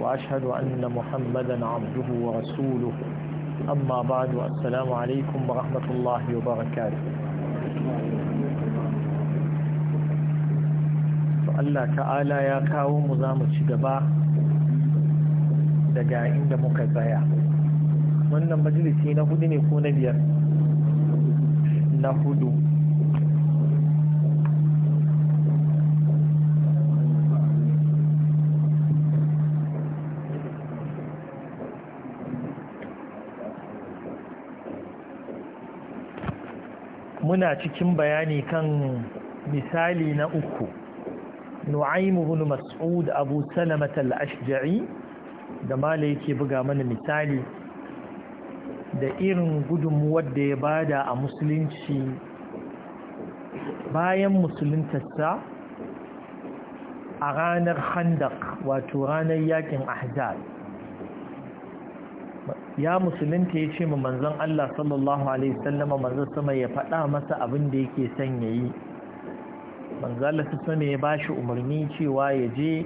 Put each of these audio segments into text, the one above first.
وأشهد أن محمدا عبده ورسوله أما بعد السلام عليكم ورحمة الله وبركاته Allah ta'ala ya kawo mu za mu ci gaba daga inda muka tsaya wannan majalisi na hudu ne ko na biyar na hudu muna cikin bayani kan misali na uku nu'aimu bin mas'ud abu Salama, al-ashja'i da mala yake buga mana misali da irin gudunmuwar da ya bada a musulunci bayan musuluntarsa a ranar handak wato ranar yakin ahzab ya musulunta ya ce ma manzon Allah sallallahu alaihi wasallam manzon sama ya faɗa masa abin da yake son yayi manzon Allah sama ya bashi umarni cewa ya je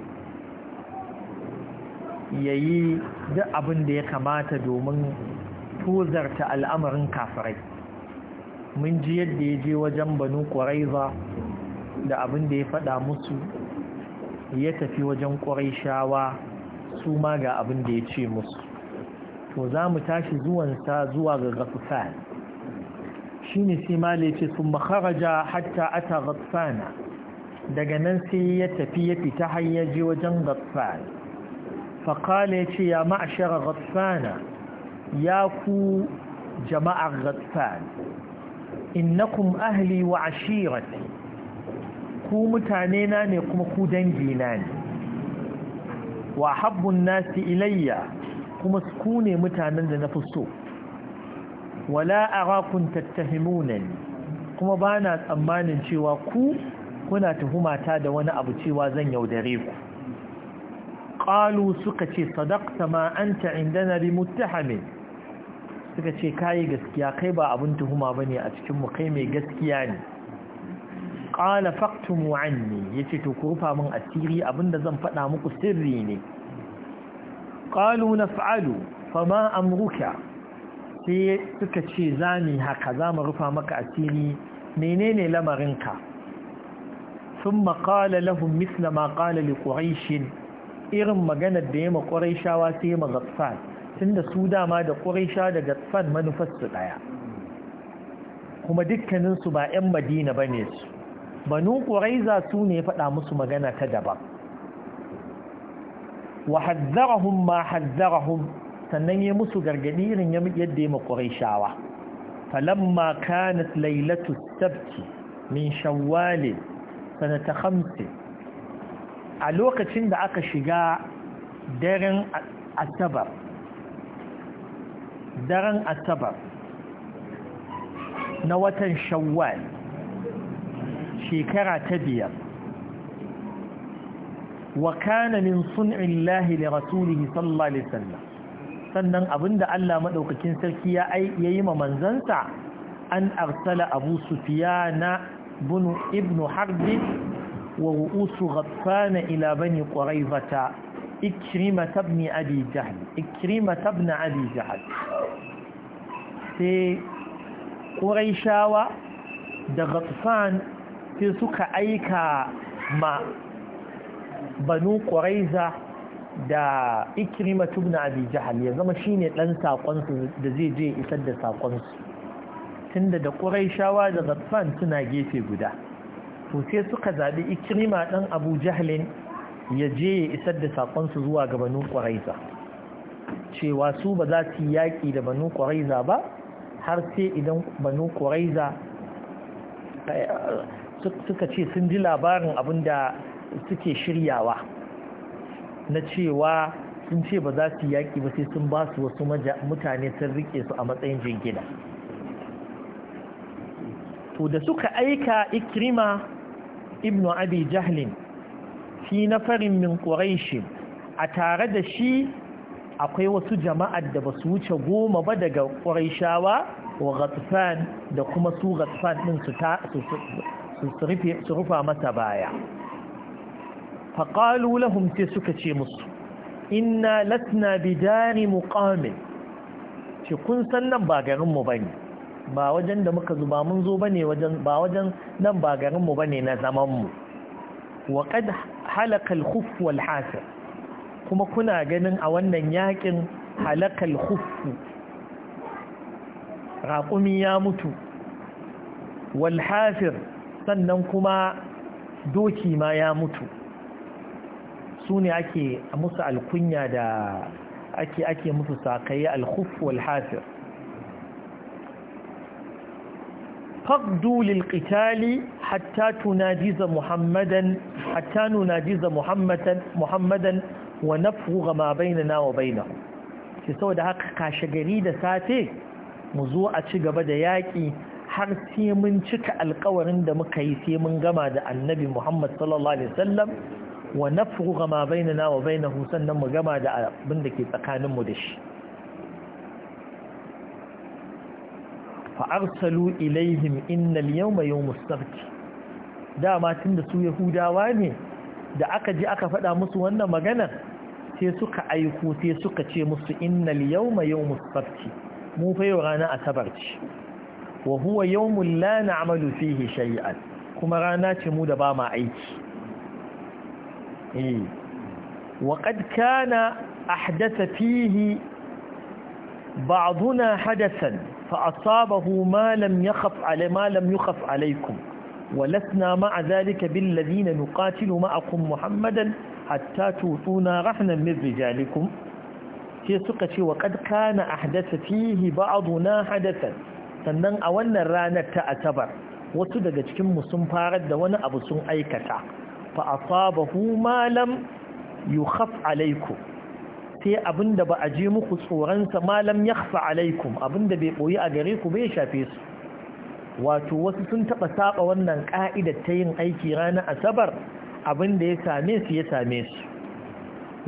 yayi duk abin da ya kamata domin tozarta al'amarin kafirai mun ji yadda ya je wajen banu ƙwaraiza da abin da ya faɗa musu ya tafi wajen ƙwarai shawa su ma ga abin da ya ce musu to za mu tashi zuwansa zuwa ga gafufan shi ne sai ma sun makaraja hatta ata gafufana daga nan sai ya tafi ya fita har wajen gafufan faƙala ya ce ya ma'ashara gafufana ya ku jama'ar gafufan innakum ahli wa ashirati ku mutane na ne kuma ku dangi na ne wa habbun nasi ilayya kuma ku ne mutanen da na fi so wala arakun tattahimunan kuma ba na tsammanin cewa ku kuna tuhumata da wani abu cewa zan yaudare ku ƙalu suka ce sadakta ma an ta bi muttahamin suka ce kayi gaskiya kai ba abin tuhuma ba ne a cikinmu kai mai gaskiya ne ƙala faktun wa'an ne ya ce to ku rufa min asiri abinda zan faɗa muku sirri ne na naf'alu fama amruka sai suka ce zami haka zamu rufa maka asiri menene lamarinka thumma qala lahum mithla ma qala li irin maganar da yema quraishawa sai ma gaffan tunda su dama da quraisha da gaffan manufar ɗaya. kuma dukkaninsu ba 'yan madina ba ne su banu ƙuraiza su ne faɗa musu magana ta daban wa hazzarahum ma sannan ya musu gargadi irin yadda ya makurai shawa falamma kanat lailatu sabti min shawwal sanata khamsi a lokacin da aka shiga daren asabar daren asabar na watan shawwal shekara ta biyar wa kana min sun'illahi li rasulihi sallallahu alaihi wasallam sannan abinda Allah madaukakin sarki ya yayi ma manzansa an arsala Abu Sufyana bin Ibn Harb wa ru'us Ghaffan ila bani Quraizata Ikrima ibn Abi Jahl Ikrima ibn Abi Jahl sai Quraishawa da Ghaffan sai suka aika ma banu ƙwaraiza da ikirima tubna abi jahal ya zama shine ɗan saƙonsu da zai je isar da saƙonsu tunda da shawa da zafan suna gefe guda to sai suka zaɓi ikirima ɗan abu jahalin ya je ya isar da saƙonsu zuwa ga banu ƙwaraiza cewa su ba za su yi yaƙi da banu ƙwaraiza ba har sai idan banu ƙwaraiza eh, suka ce sun ji labarin abin da suke shiryawa na cewa sun ce ba za su yaƙi ba sai sun ba su wasu mutane sun rike su a matsayin jingina to da suka aika ikrima ibn abi jahlin fi farin min ƙwarai a tare da shi akwai wasu jama'ar da ba su wuce goma ba daga ƙwarishawa wa gatsan da kuma su gatsan ɗin su rufa masa baya faƙalu lahum sai suka ce musu inna latna bidari muqamin ce kun san nan ba garinmu ba ne ba wajen da muka zuba mun zo ba ne ba wajen nan ba garinmu ba ne na zamanmu wa kad halakal khuf wal kuma kuna ganin a wannan yakin halakal khuf raƙumi ya mutu Walhafir sannan kuma doki ma ya mutu su ne ake musu alkunya da ake ake musu sakai alkhuf wal hafir faqdu lil qitali hatta tunajiza muhammadan hatta nunajiza muhammadan muhammadan wa nafugha ma bainana wa bainahu sai saboda haka kashe gari da safe mu zo a ci gaba da yaki har sai mun cika alkawarin da muka yi sai mun gama da annabi Muhammad sallallahu alaihi wasallam wa nafrugha ma na wa bainahu sannan mu gama da abin da ke tsakanin mu da shi fa arsalu ilaihim innal yawma yawmus sabt dama da su yahudawa ne da aka ji aka faɗa musu wannan maganar sai suka aiko sai suka ce musu innal yawma yawmus sabt mu fa yau rana asabar ce wa huwa yawmun la na'malu fihi shay'an kuma rana ce mu da ba ma aiki وقد كان أحدث فيه بعضنا حدثا فأصابه ما لم يخف على ما لم يخف عليكم ولسنا مع ذلك بالذين نقاتل معكم محمدا حتى توتونا رحنا من رجالكم في سقة وقد كان أحدث فيه بعضنا حدثا sannan a wannan ranar ta asabar wasu daga cikinmu sun farar da wani abu sun aikata fa asabahu ma lam yukhaf alaikum sai abinda ba a je muku tsoronsa malam ya yakhfa alaikum abinda bai boye a gare ku bai shafe su wato wasu sun taba saba wannan ka'ida ta yin aiki ranar asabar abinda ya same su ya same su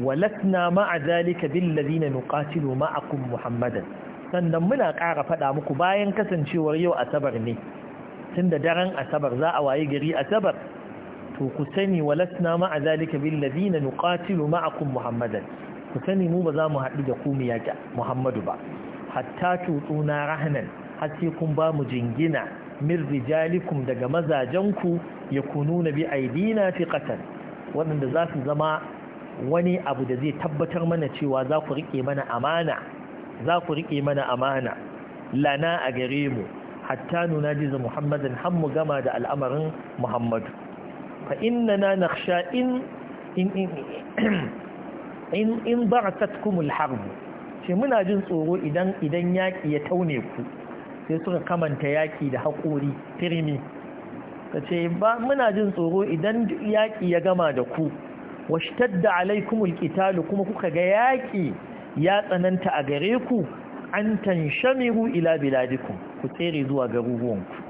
walasna ma'a zalika bil ladina nuqatilu ma'akum muhammadan sannan muna ƙara faɗa muku bayan kasancewar yau asabar ne tun da daren asabar za a waye gari asabar to ku sani walasna ma'a zalika na nukatilu ma'akum muhammadan ku sani mu ba za mu haɗu da ku mu yaƙi muhammadu ba hatta tutsuna rahanan har sai kun ba mu jingina min rijalikum daga mazajenku ya kunu na bi aidina fiqatan waɗanda za su zama wani abu da zai tabbatar mana cewa za ku riƙe mana amana za ku riƙe mana amana lana a gare mu hatta nuna jiza muhammadin har mu gama da al'amarin muhammadu fa na nakhsha in in in in ba'atatkumul harb shi muna jin tsoro idan idan ya taune ku sai suka kamanta yaki da haƙuri firmi kace ba muna jin tsoro idan yaƙi ya gama da ku washtadda alaikumul qitalu kuma kuka ga yaƙi ya tsananta a gare ku an tanshamiru ila biladikum ku tsere zuwa garuruwanku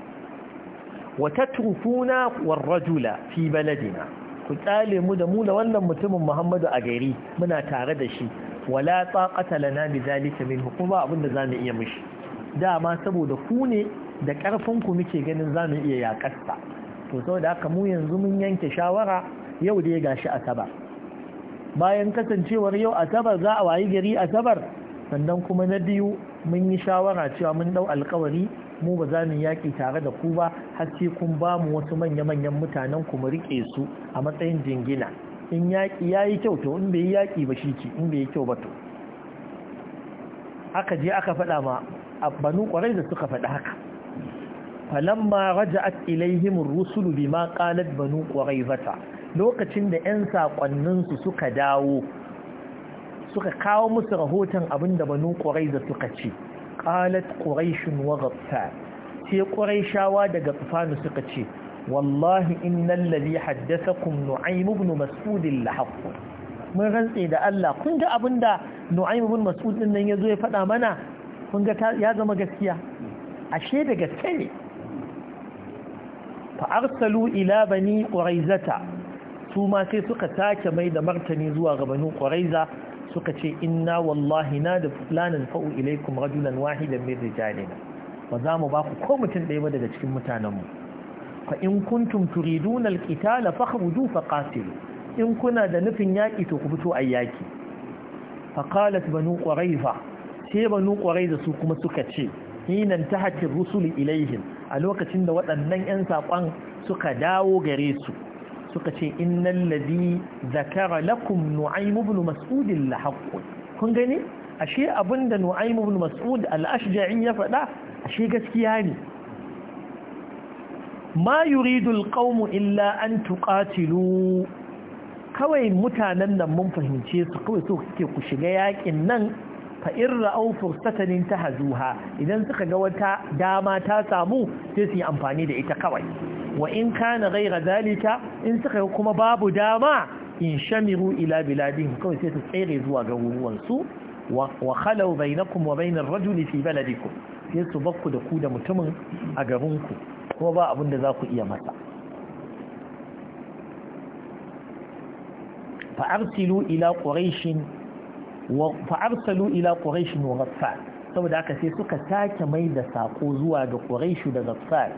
Wata watatrufuna warrajula fi baladina ku tsale mu da mu da wannan mutumin Muhammadu a gari muna tare da shi wala taqata lana bizalika minhu kuma abinda zamu iya mishi dama saboda ku ne da karfin ku muke ganin za mu iya yakarsa to saboda haka mu yanzu mun yanke shawara yau dai ya gashi asabar bayan kasancewar yau asabar za a wayi gari asabar sannan kuma na biyu mun yi shawara cewa mun dau alkawari mu ba za mu yaƙi tare da ku ba har sai kun ba mu wasu manya-manyan mutanen ku mu riƙe su a matsayin jingina in yaƙi ya yi kyau to in bai yi yaƙi ba shi ce in bai yi kyau ba to aka je aka faɗa ma a banu ƙwarai da suka faɗa haka falamma raja'at ilaihim ar-rusul bima qalat banu quraizata lokacin da 'yan sakonnin su suka dawo suka kawo musu rahoton abinda banu da suka ce qalat quraish wa ghaffan sai quraishawa daga tsufanu suka ce wallahi innal ladhi haddathakum nu'aym ibn mas'ud al-haqq mun rantse da Allah kun ga abinda nu'aym ibn mas'ud din nan yazo ya faɗa mana kun ga ya zama gaskiya ashe da gaske ne fa arsalu ila bani quraizata su ma sai suka take mai da martani zuwa ga bani quraiza suka ce inna wallahi na da fulanin fa'u ilaikum rajulan wahidan min rijalina ba za mu ba ku ko mutum ɗaya ba daga cikin mutanenmu fa in kuntum turiduna alqitala fa faqatilu in kuna da nufin yaki to ku fito ayi yaki fa qalat banu quraiza sai banu da su kuma suka ce hinan tahatir rusuli ilaihim a lokacin da waɗannan 'yan saƙon suka dawo gare su suka ce innal ladhi zakara lakum nu'aym ibn mas'ud la kun gani ashe abinda nu'aym ibn mas'ud al-ashja'i ya faɗa ashe gaskiya ne ma yuridu al-qawm illa an tuqatilu kawai mutanen nan mun fahimce su kawai so kike ku shiga yakin nan fa in ra'aw fursatan tahazuha idan suka ga wata dama ta samu sai su yi amfani da ita kawai wa in kana ghaira zalika in suka yi kuma babu dama in shamiru ila biladin kawai sai su tsere zuwa ga su wa khalau bainakum wa bainar rajuli fi baladikum sai su bakku da ku da mutumin a garin ku kuma ba abin da za ku iya masa fa arsilu ila quraishin wa fa ila quraishin wa saboda haka sai suka sake mai da sako zuwa ga quraishu da ghaffar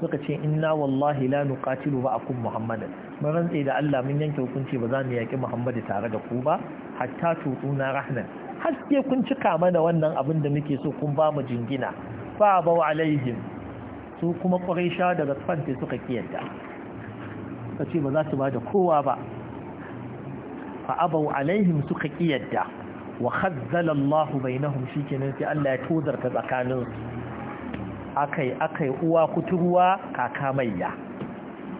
suka ce inna wallahi la nuqatilu ma'akum muhammadan mun rantse da Allah mun yanke hukunci ba za mu yaki muhammadu tare da ku ba hatta tutuna rahman haske kun cika mana wannan abin da muke so kun ba mu jingina fa bau alaihim su kuma quraisha daga fante suka kiyarta suka ce ba za su ba da kowa ba fa abau alaihim suka kiyarta wa khazzala Allah bainahum shikenan sai Allah ya tozarta tsakaninsu akai yi uwa kuturwa kaka maiya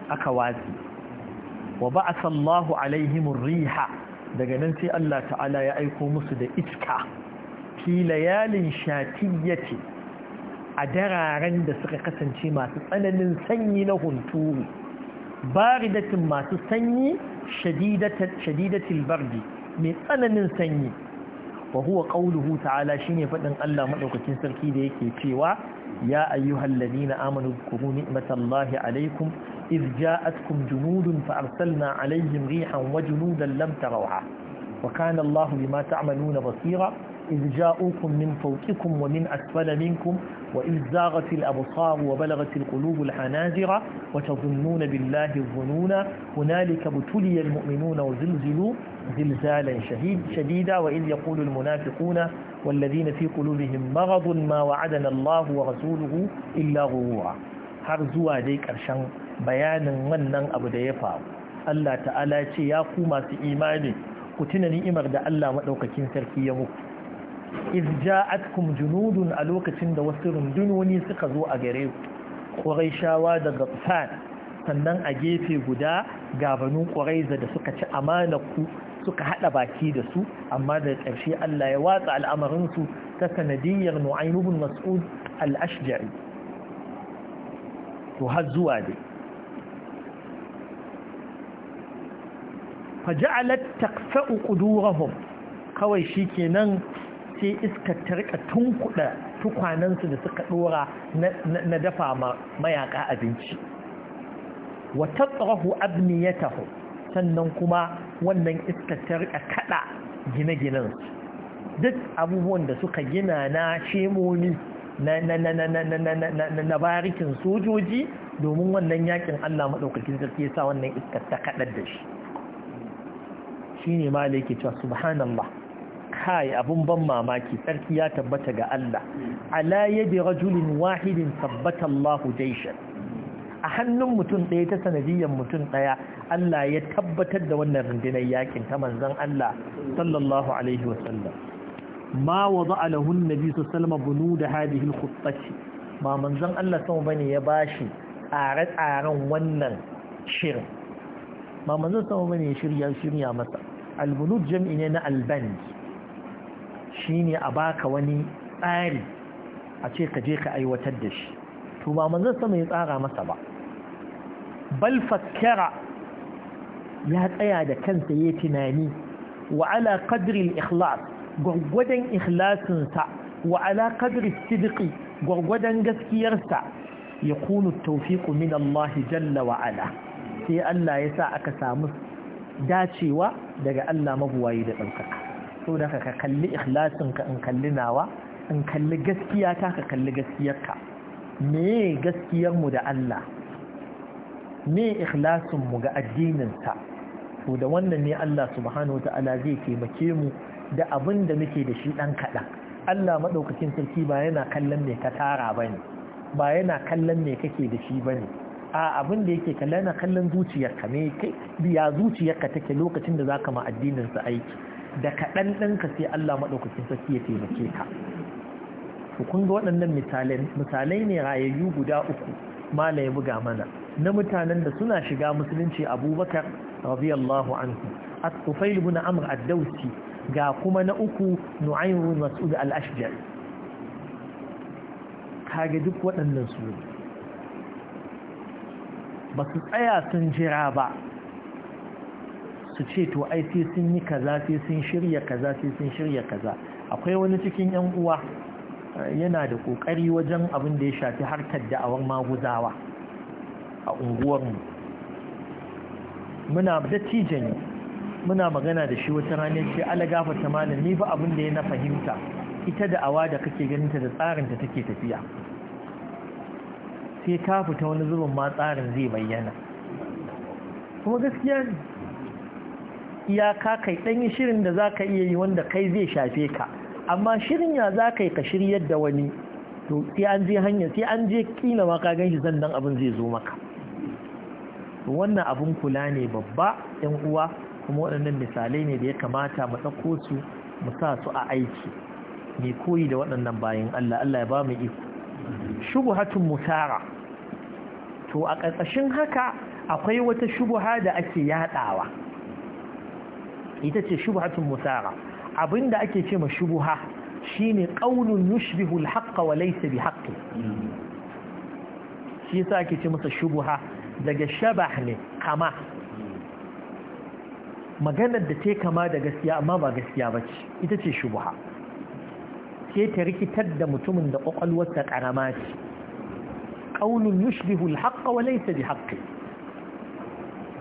aka watsi wa ba a Allahu alaihim riha daga nan sai Allah ta'ala ya aiko musu da iska fi layalin shatiyyati a dararen da suka kasance masu tsananin sanyi na hunturu baridatin masu sanyi shadidatil bardi mai tsananin sanyi wa huwa qawluhu ta'ala shine faɗin Allah madaukakin sarki da yake cewa ya ayyuhalladhina amanu kuhu ni'matallahi alaykum iz ja'atkum junudun fa arsalna alayhim rihan wa junudan lam tarawha wa kana Allahu bima ta'maluna basira إذ جاءوكم من فوقكم ومن أسفل منكم وإذ زاغت الأبصار وبلغت القلوب الحناجر وتظنون بالله الظنون هنالك ابتلي المؤمنون وزلزلوا زلزالا شهيد شديدا وإذ يقول المنافقون والذين في قلوبهم مرض ما وعدنا الله ورسوله إلا غرورا هرزوا ديك أرشان بيانا ونن أبو ديفا الله تعالى يا قوما في إيماني ku tuna ni'imar da Allah maɗaukakin sarki ya muku iz ja'atkum junudun a lokacin da wasu rundunoni suka zo a gare ku quraishawa sannan a gefe guda gabanin quraiza da suka ci amana ku suka hada baki da su amma da ƙarshe Allah ya watsa al'amarin su ta sanadiyyar Nu'aym Mas'ud al-Ashja'i to har zuwa dai faja'alat taqfa'u qudurahum kawai shikenan sai iska ta rika tunkuɗa tukwanansu da suka ɗora na dafa mayaka abinci wata ya abniyatahu sannan kuma wannan iska ta rika kaɗa gine-ginensu duk abubuwan da suka gina na shemoni na barikin sojoji domin wannan yakin Allah maɗaukakin sarki ya sa wannan iska ta kaɗar da shi shi ne ma da yake cewa subhanallah kai abun ban mamaki sarki ya tabbata ga Allah ala yadi rajulin wahidin tabbata Allahu jayshan a hannun mutum ɗaya ta sanadiyyar mutum ɗaya Allah ya tabbatar da wannan rundunar yakin ta manzon Allah sallallahu alaihi wasallam ma wada'a lahu an-nabi sallallahu alaihi wasallam da hadhihi al-khuttati manzon Allah sama bane ya bashi tsare-tsaren wannan shirin ba manzon sama bane ya shirya shirya masa al-bunud jam'i ne na al-band ne a baka wani tsari a ce ka je ka aiwatar da shi to ba manzon sama ya tsara masa ba bal fakkara ya tsaya da kansa ya tunani wa ala qadri al-ikhlas gwargwadon ikhlasinsa wa ala qadri sidqi gwargwadon gaskiyarsa ya kunu taufiƙu min Allah jalla wa ala sai Allah ya sa aka samu dacewa daga Allah mabuwayi da ɗaukaka so da ka kalli ikhlasinka in kalli nawa in kalli gaskiya ta ka kalli gaskiyarka me mu da Allah me mu ga addininsa to da wannan ne Allah subhanahu wa ta'ala zai taimake mu da abin da muke da shi ɗan kaɗan Allah maɗaukacin sarki ba yana kallon me ka tara ba ne ba yana kallon me kake da shi ba ne a abin da yake kallon kallon zuciyarka me ya zuciyarka take lokacin da zaka ka ma addininsa aiki da kaɗan ɗanka sai Allah maɗaukacin sarki ya taimake ka Ku kun ga waɗannan misalai misalai ne rayayyu guda uku mala ya buga mana na mutanen da suna shiga musulunci abubakar radiyallahu anhu at-tufail ibn amr ad-dawsi ga kuma na uku nu'ayru mas'ud al Ka kage duk waɗannan su ba su tsaya sun jira ba su ce to ai sai sun yi kaza sai sun shirya kaza sai sun shirya kaza akwai wani cikin yan uwa eh, yana da kokari wajen abin da ya shafi harkar da'awar maguzawa a unguwarmu muna da muna magana da shi wata rana ce ala gafata malam ni ba abin da ya na fahimta ita da awa da kake ganinta da tsarin tsarinta take tafiya sai ta fita wani zubin ma tsarin zai bayyana kuma gaskiya ne iyaka kai dan yi shirin da zaka iya yi wanda kai zai shafe ka amma shirin ya zaka yi ka shiryar da wani to sai an je hanya sai an je kila ma ka ganshi sannan abin zai zo maka wannan abun kula ne babba yan uwa kuma waɗannan misalai ne da ya kamata mu ɗauko su mu sa su a aiki mai koyi da waɗannan bayan Allah Allah ya ba mu iko shubuhatun musara to a ƙarƙashin haka akwai wata shubuha da ake yaɗawa ita ce shubhatun musara abinda ake ce ma shubha shine qaulun yushbihu al-haqqa wa laysa bihaqqi shi yasa ake ce masa shubha daga shabah ne kama maganar da ta kama da gaskiya amma ba gaskiya ba ce ita ce shubha sai ta rikitar da mutumin da kwakwalwarsa karama ce ƙaunin yushbihu alhaqqa wa laysa bihaqqi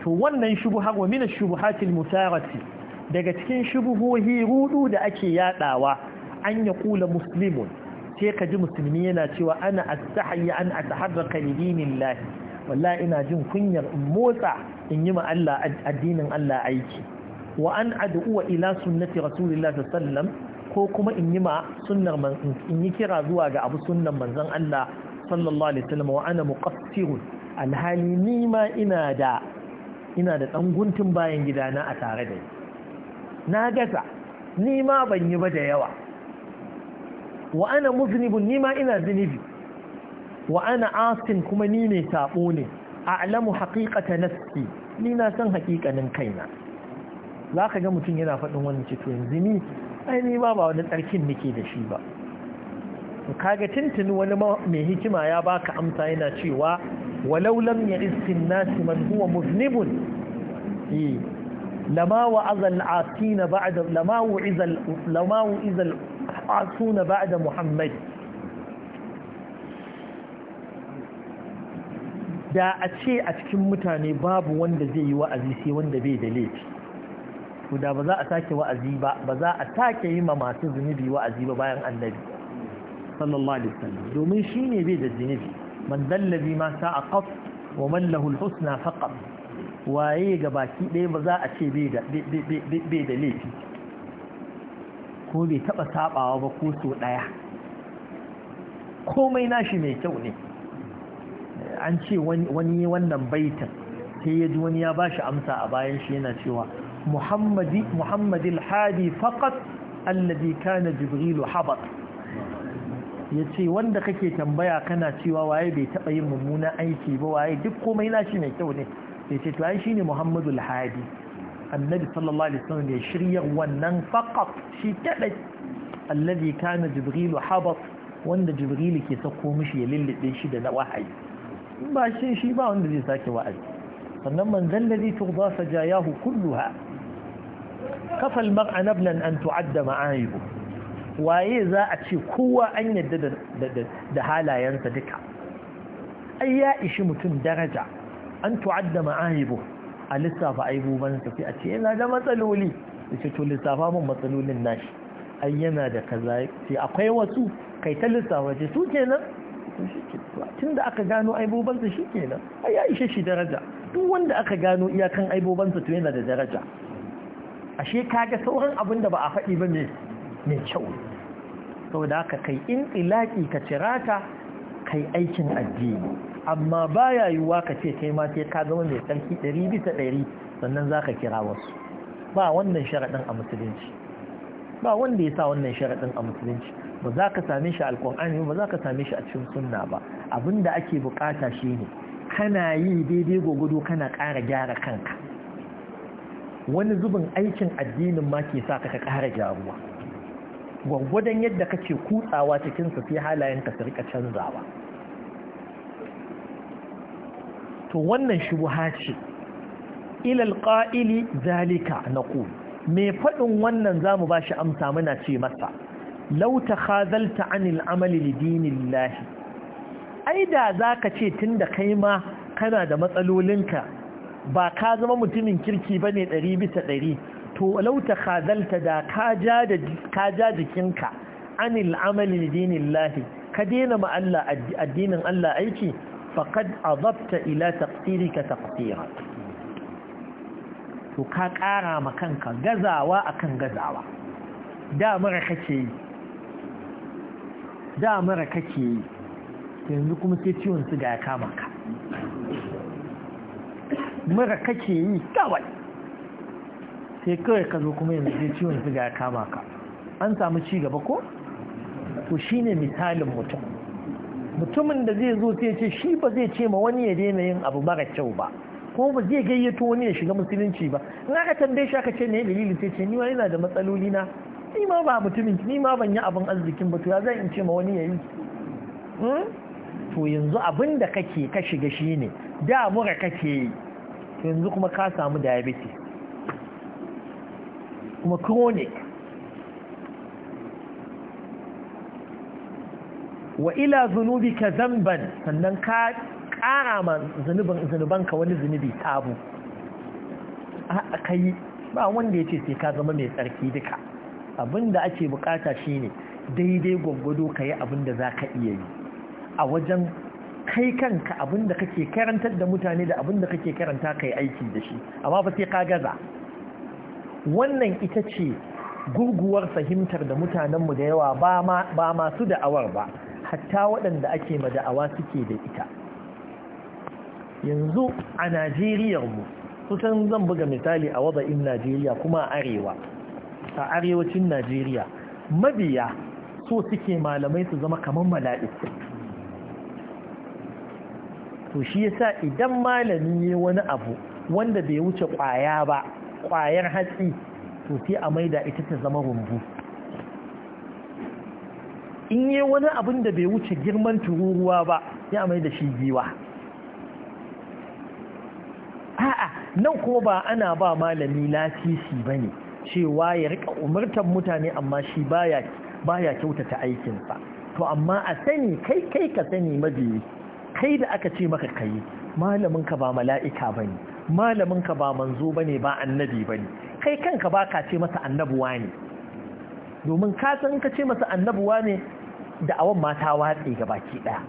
to wannan shubha wa min ash-shubuhati al-musarati daga cikin shubuhohi rudu da ake yadawa an ya kula muslimun sai ka ji musulmi yana cewa ana astahayi an ataharraka li dinillahi wallahi ina jin kunyar in motsa in yi ma addinin Allah aiki wa an ad'u ila sunnati rasulillah sallallahu ko kuma in yi ma sunnar in yi kira zuwa ga abu sunnan manzon Allah sallallahu alaihi wasallam wa ana muqassir alhali ni ma ina da ina da dan guntun bayan gidana a tare da ni na gasa ni ma ban yi ba da yawa wa ana muznibun ni ma ina zunubi wa ana asin kuma ni mai sabo ne a'lamu na nafsi ni na san haƙiƙanin kaina za ka ga mutum yana faɗin wani cikin yanzu ai ni ba ba wani tsarkin nake da shi ba kaga tuntuni wani mai hikima ya baka amsa yana cewa walau ya iskin nasi man huwa muznibun eh. lama wa'azal asina ba'da lama wa'izal lama muhammad da a ce a cikin mutane babu wanda zai yi wa'azi sai wanda bai da laifi to da ba za a sake wa'azi ba ba za a take yi ma masu zunubi wa'azi ba bayan annabi sallallahu alaihi wasallam domin shine bai da zunubi man dallabi ma sa'a qat wa man lahu al-husna faqat waye ga baki ɗaya ba za a ce bai da laifi ko bai taɓa saɓawa ba ko so ɗaya komai nashi mai kyau ne an ce wani wannan baitin sai ya ji wani ya ba shi amsa a bayan shi yana cewa muhammadin hadi faƙat allazi kana jibrilu habat ya ce wanda kake tambaya kana cewa waye bai taɓa yin mummunan aiki ba waye duk komai nashi mai kyau ne ya ce tsaye shi ne muhammadu lahadi annabi sallallahu alaihi wasallam ya shirya wannan faqat shi kadai alladhi kana jibril habat wanda jibril ke sako mishi ya lullube shi da wahayi ba shi shi ba wanda zai sake wa'azi sannan manzon ladhi tughda sajayahu kulluha kafa al-mar'a nablan an tu'adda ma'ayibu waye za a ce kowa an yadda da halayensa duka ai ya ishi mutum daraja an tu'adda ma'aibu a lissafa aibuban sa sai a ce yana da matsaloli sai to lissafa mun matsalolin nashi ai yana da kaza sai akwai wasu kai ta lissafa ce su kenan tun da aka gano aibuban sa shikenan ai ya ishe shi daraja duk wanda aka gano iyakan aibuban sa to yana da daraja ashe kaga sauran abin da ba a faɗi ba ne mai kyau saboda haka kai in ilaki ka cirata kai aikin addini amma ba baya yiwuwa ka ce kai ma sai ka zama mai tsarki ɗari bisa ɗari sannan za ka kira wasu ba wannan sharaɗin a musulunci ba wanda ya sa wannan sharaɗin a musulunci ba za ka same shi alƙur'ani ba za ka same shi a cikin sunna ba abin da ake buƙata shi ne kana yi daidai gwagwado kana ƙara gyara kanka wani zubin aikin addinin ma ke sa ka ka ƙara gyaruwa gwagwadon yadda kake kutsawa cikinsa sai halayenka su rika canzawa to wannan shubuha ce ilal qa'ili zalika naqul me fadin wannan zamu bashi amsa muna ce masa law takhazalta anil amali lidinillahi ai da zaka ce tunda kai ma kana da matsalolinka ba ka zama mutumin kirki bane 100 bisa 100 to law takhazalta da ka ja da ka ja jikinka anil amali lidinillahi ka dena ma Allah addinin Allah aiki faƙad azabta ila taƙsirika taƙsira to ka ƙara ma kanka gazawa akan gazawa damar kake yi damar kake yi yanzu kuma sai ciwon suga ya kama ka mara kake yi kawai sai kawai ka zo kuma yanzu sai ciwon suga ya kama ka an samu ci gaba ko to shi ne misalin mutum mutumin da zai zo sai ce shi ba zai ce ma wani ya daina yin abu mara kyau ba ko ba zai gayyato wani ya shiga musulunci ba in aka tambaye shi aka ce ne dalili sai ce ni ma yana da matsaloli na ni ma ba mutumin ni ma ban yi abin arzikin ba to ya zai in ce ma wani ya yi hmm? to yanzu abin da kake ka shiga shi ne da mura kake yi yanzu kuma ka samu diabetes kuma chronic wa ila zunubika zamban sannan ka ƙara ma ka wani zunubi tabu a kai ba wanda ya ce sai ka zama mai tsarki duka abinda ake bukata shine daidai gwaggwado ka yi abinda za ka iya yi a wajen kai kanka abinda kake karantar da mutane da abinda kake karanta ka yi aiki da shi amma ba sai ka gaza wannan ita ce gurguwar fahimtar da mutanenmu da yawa ba masu da'awar ba hatta waɗanda ake mada'awa suke da ita yanzu a mu kusan zan buga misali a wada'in najeriya kuma a arewa a arewacin najeriya mabiya so suke malamai su zama kamar mala'iku to shi yasa idan malami ya wani abu wanda bai wuce kwaya ba kwayar hatsi to sai a maida ita ta zama rumbu in yi wani abin da bai wuce girman tururuwa ba ya mai da shi giwa a'a nan kuma ba ana ba malami lafisi ba ne cewa ya rika umartar mutane amma shi baya kyautata aikinsa to amma a sani kai kai ka sani mabiyi kai da aka ce maka kai malaminka ba mala'ika ba ne malaminka ba manzo ba ne ba annabi ba ne kai kanka ba ka ce masa annabuwa ne domin ka ka ce masa annabuwa ne da ma mata watsi ga baki ɗaya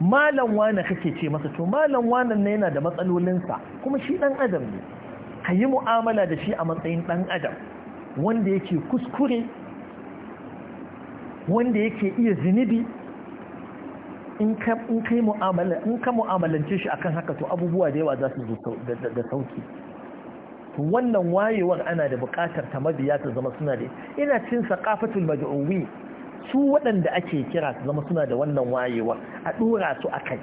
malam wane kake ce masa to malam wane na yana da matsalolinsa kuma shi ɗan adam ne ka yi mu'amala da shi a matsayin ɗan adam wanda yake kuskure wanda yake iya zinibi in ka mu'amalance shi akan haka to abubuwa da yawa za su zo da sauki wannan wayewar ana da bukatar ta mabiya ta zama suna da ina cin sakafatul maj'uwi su waɗanda ake kira su zama suna da wannan wayewa a ɗora su a kai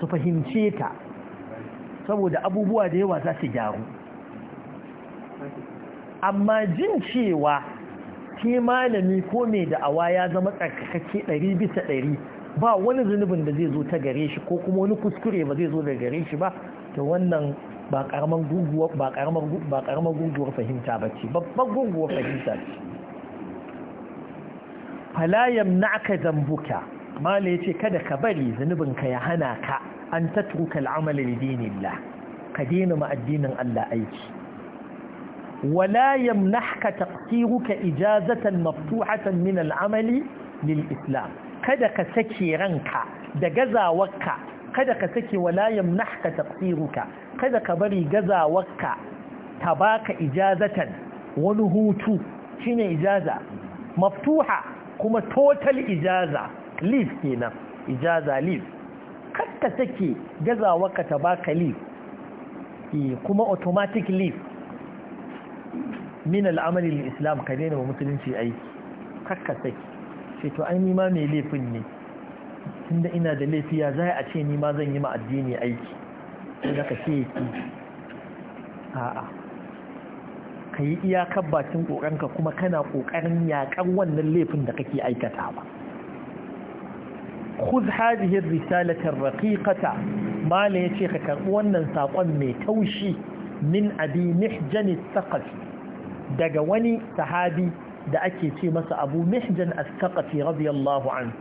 su fahimce ta saboda abubuwa da yawa za su gyaru amma jin cewa ke malami ko mai da awa ya zama tsarkakake ɗari bisa ɗari ba wani zunubin da zai zo ta gare shi ko kuma wani kuskure ba zai zo da gare shi ba to wannan ba karamar guguwar fahimta ba ce babbar guguwar fahimta ce fala yamna'ka dhanbuka ya yace kada ka bari zanubinka ya hana ka an tatruka al'amal li dinillah ka dina ma addinin Allah aiki wala yamnahka taqsiruka ijazatan maftuhatan min al'amali lil islam kada ka sake ranka da gazawarka kada ka sake wala yamnahka taqsiruka kada ka bari gazawarka ta baka ijazatan wani hutu shine ijaza maftuha kuma total ijaza leave kenan ijaza leave kakka take gazawa ka ta baka leave eh, kuma automatic leave min al'amali islam ka daina wa musulunci aiki kakka take sai to ai nima mai laifin ne tunda ina da laifi ya zai a ce nima zan yi ma addini aiki sai da ka ce ki a'a ka yi iyakar bakin ka kuma kana ƙoƙarin yaƙar wannan laifin da kake aikata khudh hadhihi risalatar risalata ar-raqiqata mala ce ka karɓi wannan saƙon mai taushi min abi mihjan al daga wani sahabi da ake ce masa abu mihjan al-thaqafi radiyallahu an.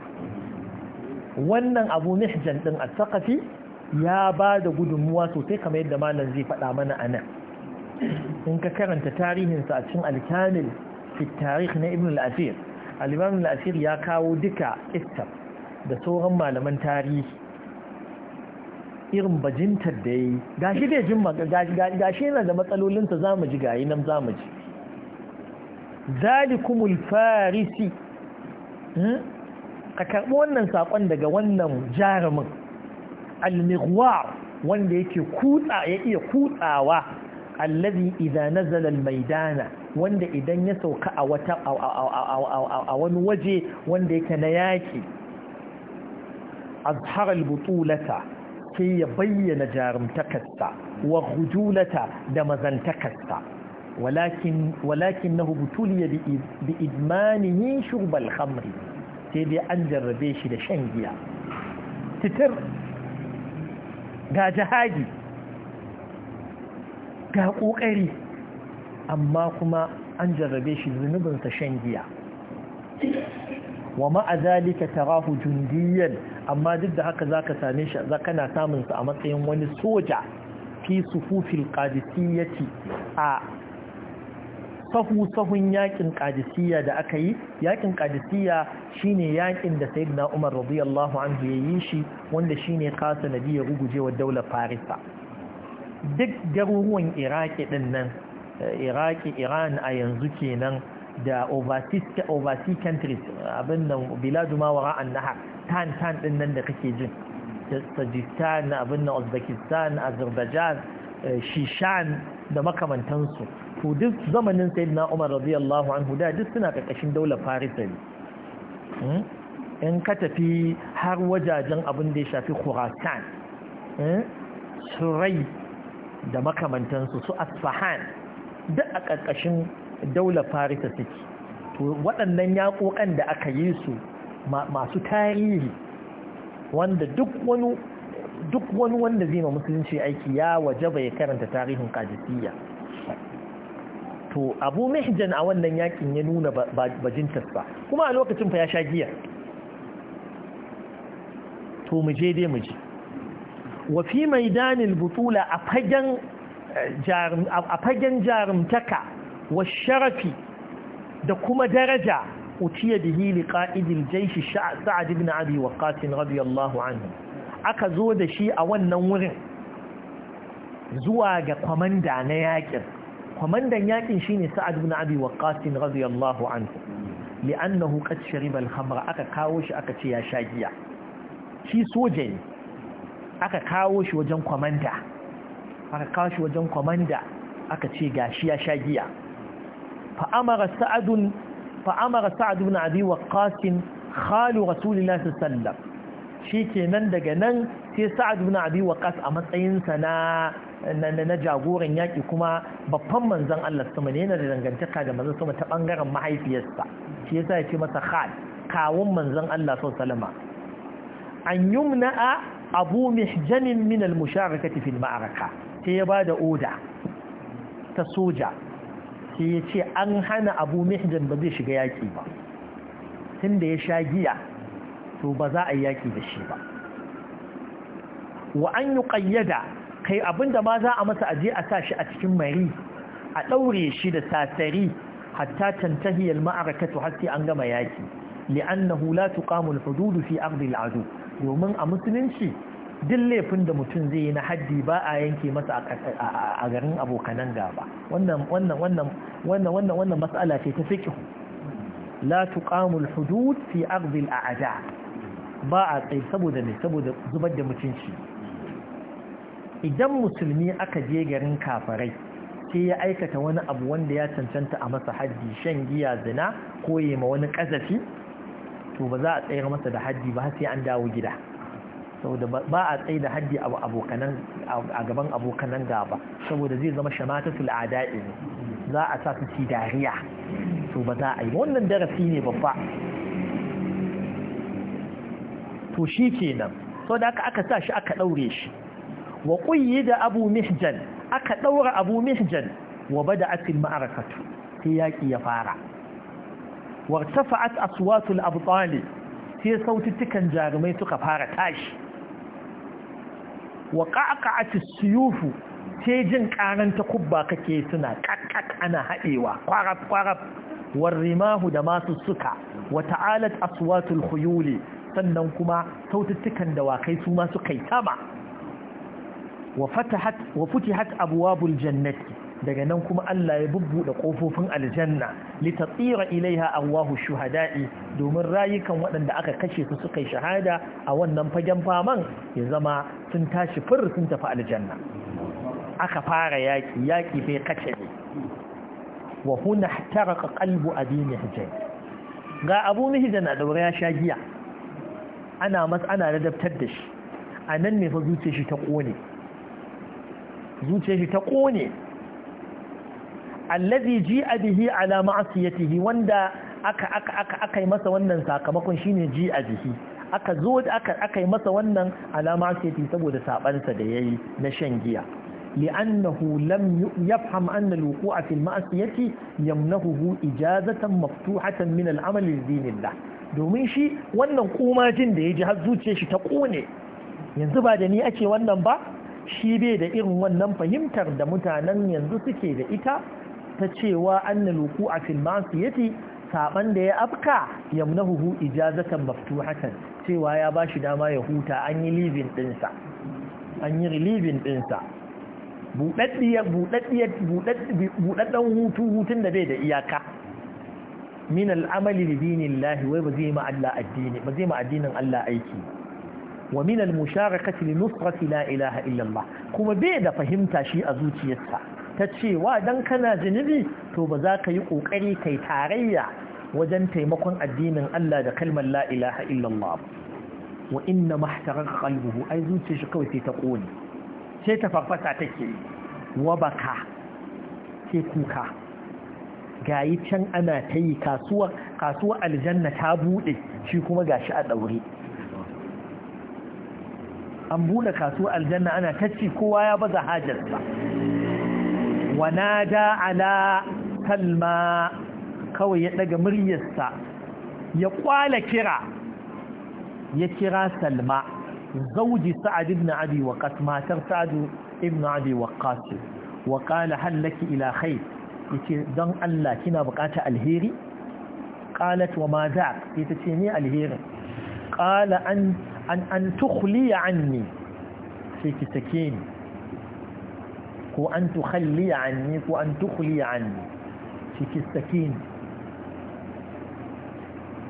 wannan abu mihjan ɗin al ya ba da gudunmuwa sosai kamar yadda malam zai faɗa mana a nan in ka karanta tarihinsa a cikin alkamil fi tarih na ibn al-asir al-imam al-asir ya kawo duka istar da sauran malaman tarihi irin bajintar da yi gashi da jin gashi yana da matsalolinsa zamu ji gayi nan zamu ji zalikumul farisi hmm? ka karɓi wannan saƙon daga wannan jarumin almigwar wanda yake kutsa ya iya kutsawa allazi idza nazala almaidana wanda idan ya sauka a wata a wani waje wanda yake na yaki Azharal albutulata sai ya bayyana jarumtakarsa wa hujulata da mazantakarsa walakin nahu butuliya bi idmanihi shurbal khamri sai dai an jarrabe shi da shan giya titir ga jihadi ga ƙoƙari amma kuma an jarrabe shi zunubinsa shan giya wa ma'azalika tarahu jundiyan amma duk da haka zaka same shi kana samun sa a matsayin wani soja fi sufufil qadisiyati a sahu sahun yakin qadisiyya da aka yi yakin qadisiyya shine yakin da sayyidina Umar radiyallahu anhu yi shi wanda shine kasa nabi ya ruguje wa daular Farisa duk garuruwan iraki din nan eh, iraki iran a yanzu kenan da overseas countries abin nan biladu ma wara an nahar tan tan din nan da kake jin tajistan abin nan uzbekistan azerbaijan eh, shishan da makamantansu to duk zamanin sayyidina umar radiyallahu anhu da duk suna karkashin daular farisa ne hmm? in ka tafi har wajajen abin da ya shafi khurasan hmm? surai da makamantansu su asfahan duk a ƙarƙashin daular farisa suke to waɗannan yaƙoƙan da aka yi su masu tarihi wanda duk wani wanda zai ma musulunci aiki ya waje bai karanta tarihin kajisiyya to abu mihjan a wannan yakin ya nuna bajintas ba kuma a lokacin fa ya sha giya to mu je dai mu je wa fi maidanin butula a fagen jarumtaka wa sharafi da kuma daraja utiya hili liqa'idil jaysh sa'ad ibn abi waqqas radiyallahu anhu aka zo da shi a wannan wurin zuwa ga kwamanda na yakin kwamandan yakin shine sa'ad ibn abi waqqas radiyallahu anhu li'annahu ƙat shari'ar hamra aka kawo shi aka ce ya sha giya shi soja ne aka kawo shi wajen kwamanda aka kawo shi wajen kwamanda aka ce gashi ya sha giya fa'amara sa'adun fa'amara sa'adun abi waqqasin khalu rasulillahi sallallahu nan daga nan sai na abi waqqas a matsayinsa na na jagoran yaki kuma babban manzon Allah sama ne yana da dangantaka da manzon sama ta bangaren mahaifiyarsa shi yasa ya ce masa khal kawun manzon Allah sallallahu alaihi an yumna abu mihjanin min al-musharakati fil ma'araka sai ya ba da oda ta soja sai ya ce an hana abu mihjan ba zai shiga yaƙi ba tunda ya sha giya to ba za a yi yaki da shi ba wa an ƙayyada kai abinda ma za a masa aje a sa shi a cikin mari a daure shi da sasari hatta tantahi al-ma'arakatu har sai an gama yaƙi li'annahu la tuqamu al-hudud fi ardi al-adu domin a musulunci duk laifin da mutum zai yi na haddi ba a yanke masa a garin abokanan gaba wannan wannan ce ta fiƙi la tuƙamul hudud fi ardi al-a'da ba a tsaye saboda mai saboda zubar da mutunci idan musulmi aka je garin kafarai sai ya aikata wani abu wanda ya cancanta a masa haddi shan giya zina ko yi ma wani kazafi to ba za a tsayar masa da haddi ba sai an dawo gida saboda ba a tsaye da haddi a gaban abokanan gaba saboda zai zama shamatatul ada'i ne za a sa su ci dariya to ba za a yi wannan darasi ne babba to shi kenan sau da aka sa shi aka ɗaure shi wa ƙuyi da abu mihjan aka ɗaura abu mihjan wa bada asil ma'arakatu sai yaƙi ya fara wartafa'at aswatul abtali sai sautittukan jarumai suka fara tashi wa qaqa'at as-suyufu sai jin karan ta kubba kake suna kakkak ana hadewa kwarab kwarab war rimahu da masu suka wa ta'alat aswatul khuyuli sannan kuma sautittukan dawakai su ma suka yi tama wa fatahat wa futihat abwabul jannati daga nan kuma Allah ya bubbuɗe kofofin aljanna litatsira ilaiha allahu shuhada'i domin rayukan waɗanda aka kashe su suka yi shahada a wannan fagen faman ya zama sun tashi fir sun tafi aljanna aka fara yaƙi yaƙi bai kace ne wa huna taraka qalbu abi mihjan ga abu mihjan a daure ya sha giya ana mas ana ladabtar da shi anan ne fa zuciyar shi ta kone zuciyar shi ta kone allazi ji'a bihi ala ma'asiyatihi wanda aka aka aka aka masa wannan sakamakon shine ji'a bihi aka zo aka aka masa wannan ala ma'asiyatihi saboda sabansa da yayi na shan giya لأنه لم يفهم أن الوقوع في المعصية يمنعه إجازة مفتوحة min العمل لدين الله domin shi wannan jin da ya ji har zuciya shi ta kone yanzu ba da ni ake wannan ba shi bai da irin wannan fahimtar da mutanen yanzu suke da ita ta cewa annal wuqu'a fil ma'siyati saban da ya afka yamnahu ijazatan maftuhatan cewa ya bashi dama ya huta an yi living dinsa an yi relieving dinsa buɗaɗɗen hutu hutun da bai da iyaka min al'amali da dinin lahi wai ba zai ma addinin Allah aiki wa min al-musharakati li nusrati la ilaha illallah kuma bai da fahimta shi a zuciyarsa ta ce wa dan kana zunubi to ba za ka yi kokari kai tarayya wajen taimakon addinin Allah da kalmar la'ilaha ilaha illallah wa inna mahtarar qalbuhu ai zuciya shi kawai sai ta kone sai ta farfasa take wa baka sai kuka gayi can ana ta yi kasuwar kasuwa aljanna ta bude shi kuma gashi a daure an bude kasuwar aljanna ana ta kowa ya baza hajarsa wanada ala kalma kawai ya daga muryarsa ya kwala kira ya kira salma zauji sa'ad ibn abi waqas matar sa'ad ibn abi waqas wa qala hal laki ila khair yace dan Allah kina bukata alheri qalat wa ma za ita ce ni alheri qala an an an tukhli anni sai ki sake ni ko an tukhalli anni ko an tukhli anni cikin sakin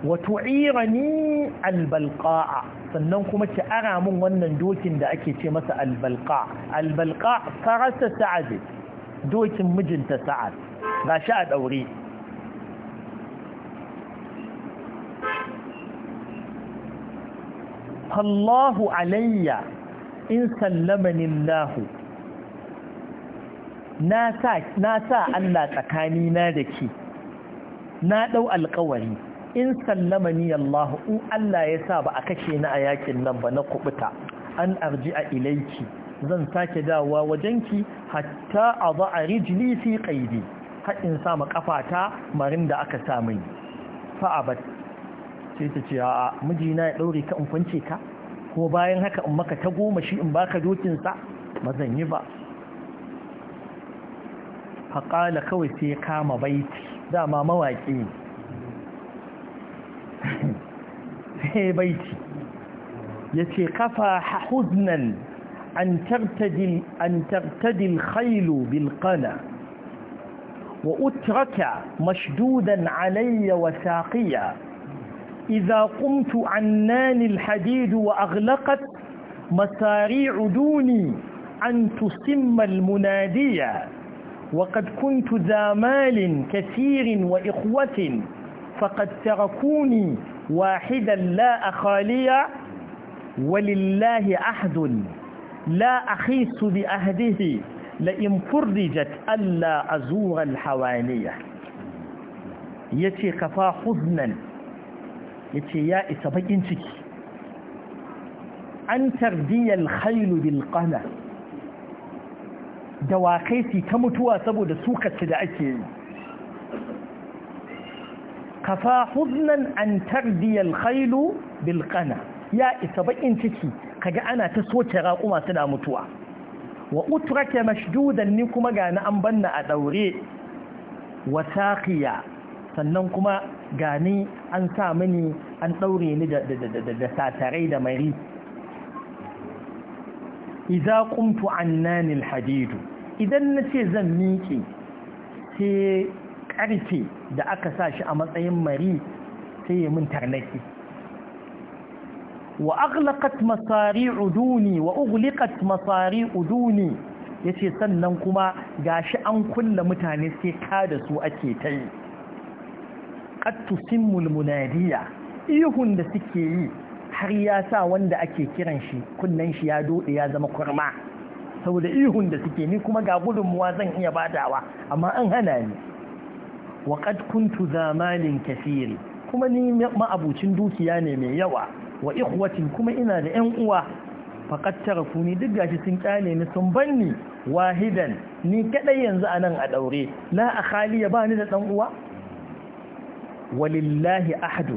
wa tu'irani albalqa'a sannan kuma ki ara mun wannan dokin da ake ce masa albalqa albalqa farasa sa'ad dokin mijinta sa'ad gashi a daure Allahu alayya in sallamani Allahu na sa Allah tsakani na da ke na ɗau alkawari in sallama ni Allah in Allah ya sa ba a kashe ni a yakin nan ba na kubuta an arji a ilaiki zan sake dawowa wajenki hatta a ba a rijili fi ƙaidi haɗin sama ƙafata marin da aka sa mai fa'abat sai ta ce a mijina ya ɗaure ka in kwance ka ko bayan haka in maka ta goma shi in baka dokinsa ba yi ba faƙala kawai sai ya kama baiti dama mawaƙi sai baiti ya ce kafa huznan an tartadil khailu bilkana wa utraka mashdudan alayya wa saqiya إذا قمت عناني الحديد وأغلقت مساريع دوني أن تسم المنادية وقد كنت ذا مال كثير وإخوة فقد تركوني واحدا لا أخالي ولله عهد لا أخيس بأهده لئن فرجت ألا أزور الحوانية يتي كفا حزنا يتي يا إسبقين تكي أن تردي الخيل بالقلم dawakai su ta mutuwa saboda sukaci da ake yi kafa huznan an tarbiyar khailu bilkana ya isa baƙin ciki kaga ana ta soke raƙuma suna mutuwa wa utrake mashdudan ni kuma ga an banna a ɗaure wa saqiya sannan kuma gani an sa mini an ɗaure ni da da satarai da mari idza qumtu annanil hadidu idan na ce zan miƙe sai ƙarfe da aka sa shi a matsayin mari sai ya mun tarnaki wa aglaqat masari uduni wa ughliqat masari uduni yace sannan kuma gashi an kulla mutane sai ka da su ake ta yi qad tusimmul munadiya ihun da suke yi har ya sa wanda ake kiran shi kunnen shi ya dode ya zama kurma saboda ihun da suke ni kuma ga gudunmuwa zan iya badawa amma an hana ni wa kad kuntu zamalin kafiri. kuma ni ma'abucin dukiya ne mai yawa wa ikhwatin kuma ina da ƴan uwa faqad tarakuni duk gashi sun kyale ni sun banni wahidan ni kadai yanzu anan a daure la akhali ya bani da dan uwa walillahi ahadu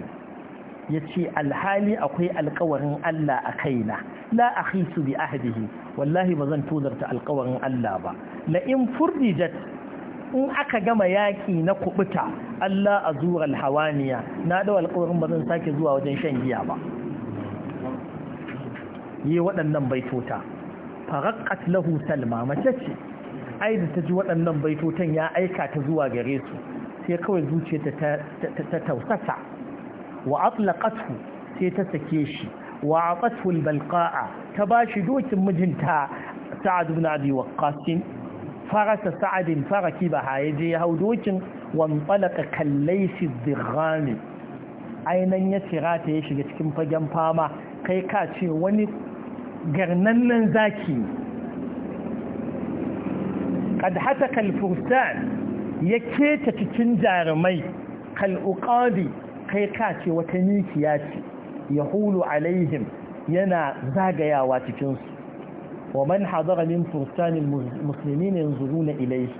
ya ce alhali akwai alkawarin Allah a kaina la a hisu bi ahadihi wallahi ba zan tozarta alkawarin Allah ba la in furdijat in aka gama yaƙi na kubuta Allah a zuwa alhawaniya na da alkawarin ba zan sake zuwa wajen shan giya ba yi waɗannan baitota farakat lahu salma mace ce ai da ta ji waɗannan baitotan ya aika ta zuwa gare su sai kawai zuciyarta ta tausasa wa atlaqathu sai ta sake shi wa atathu albalqa'a ta bashi dokin mijinta sa'ad ibn abi waqqas farasa sa'ad faraki ba haye ya hau dokin wan talaqa kallaysi dhighami ainan ya tira ta ya shiga cikin fagen fama kai ka ce wani garnannan zaki قد ya keta cikin jarumai. Kal كالأقاضي kai ka ce wata mikiya ce ya hulu alaihim yana zagayawa cikinsu wa man hadara min furtanin musulmi ne yanzu na ilaihi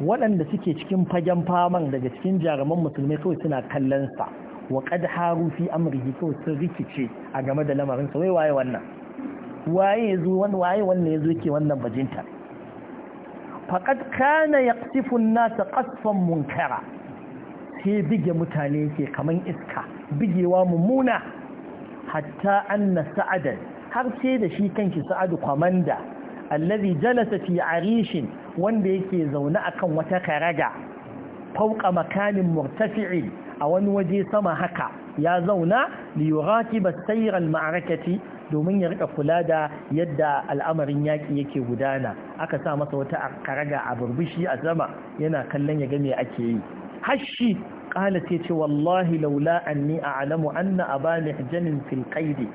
waɗanda suke cikin fagen faman daga cikin jaruman musulmai kawai suna kallonsa wa kad haru fi amrihi kawai sun rikice a game da lamarinsa wai waye wannan waye yazo wannan waye wannan yazo yake wannan bajinta faqad kana yaqtifu an nasa qasfan munkara sai bige mutane ke kaman iska bigewa mummuna hatta anna sa'adan har sai da shi kanki sa'adu kwamanda allazi jalasa fi arishin wanda yake zaune akan wata karaga Fauƙa makamin murtafi'i a wani waje sama haka ya zauna li yuratiba sayr al domin ya rika kula da yadda al'amarin yaki yake gudana aka sa masa wata karaga a burbushi a sama yana kallon ya ga me ake yi hashi قال تيتي wallahi laula أني alamu أن أبا محجن في القيد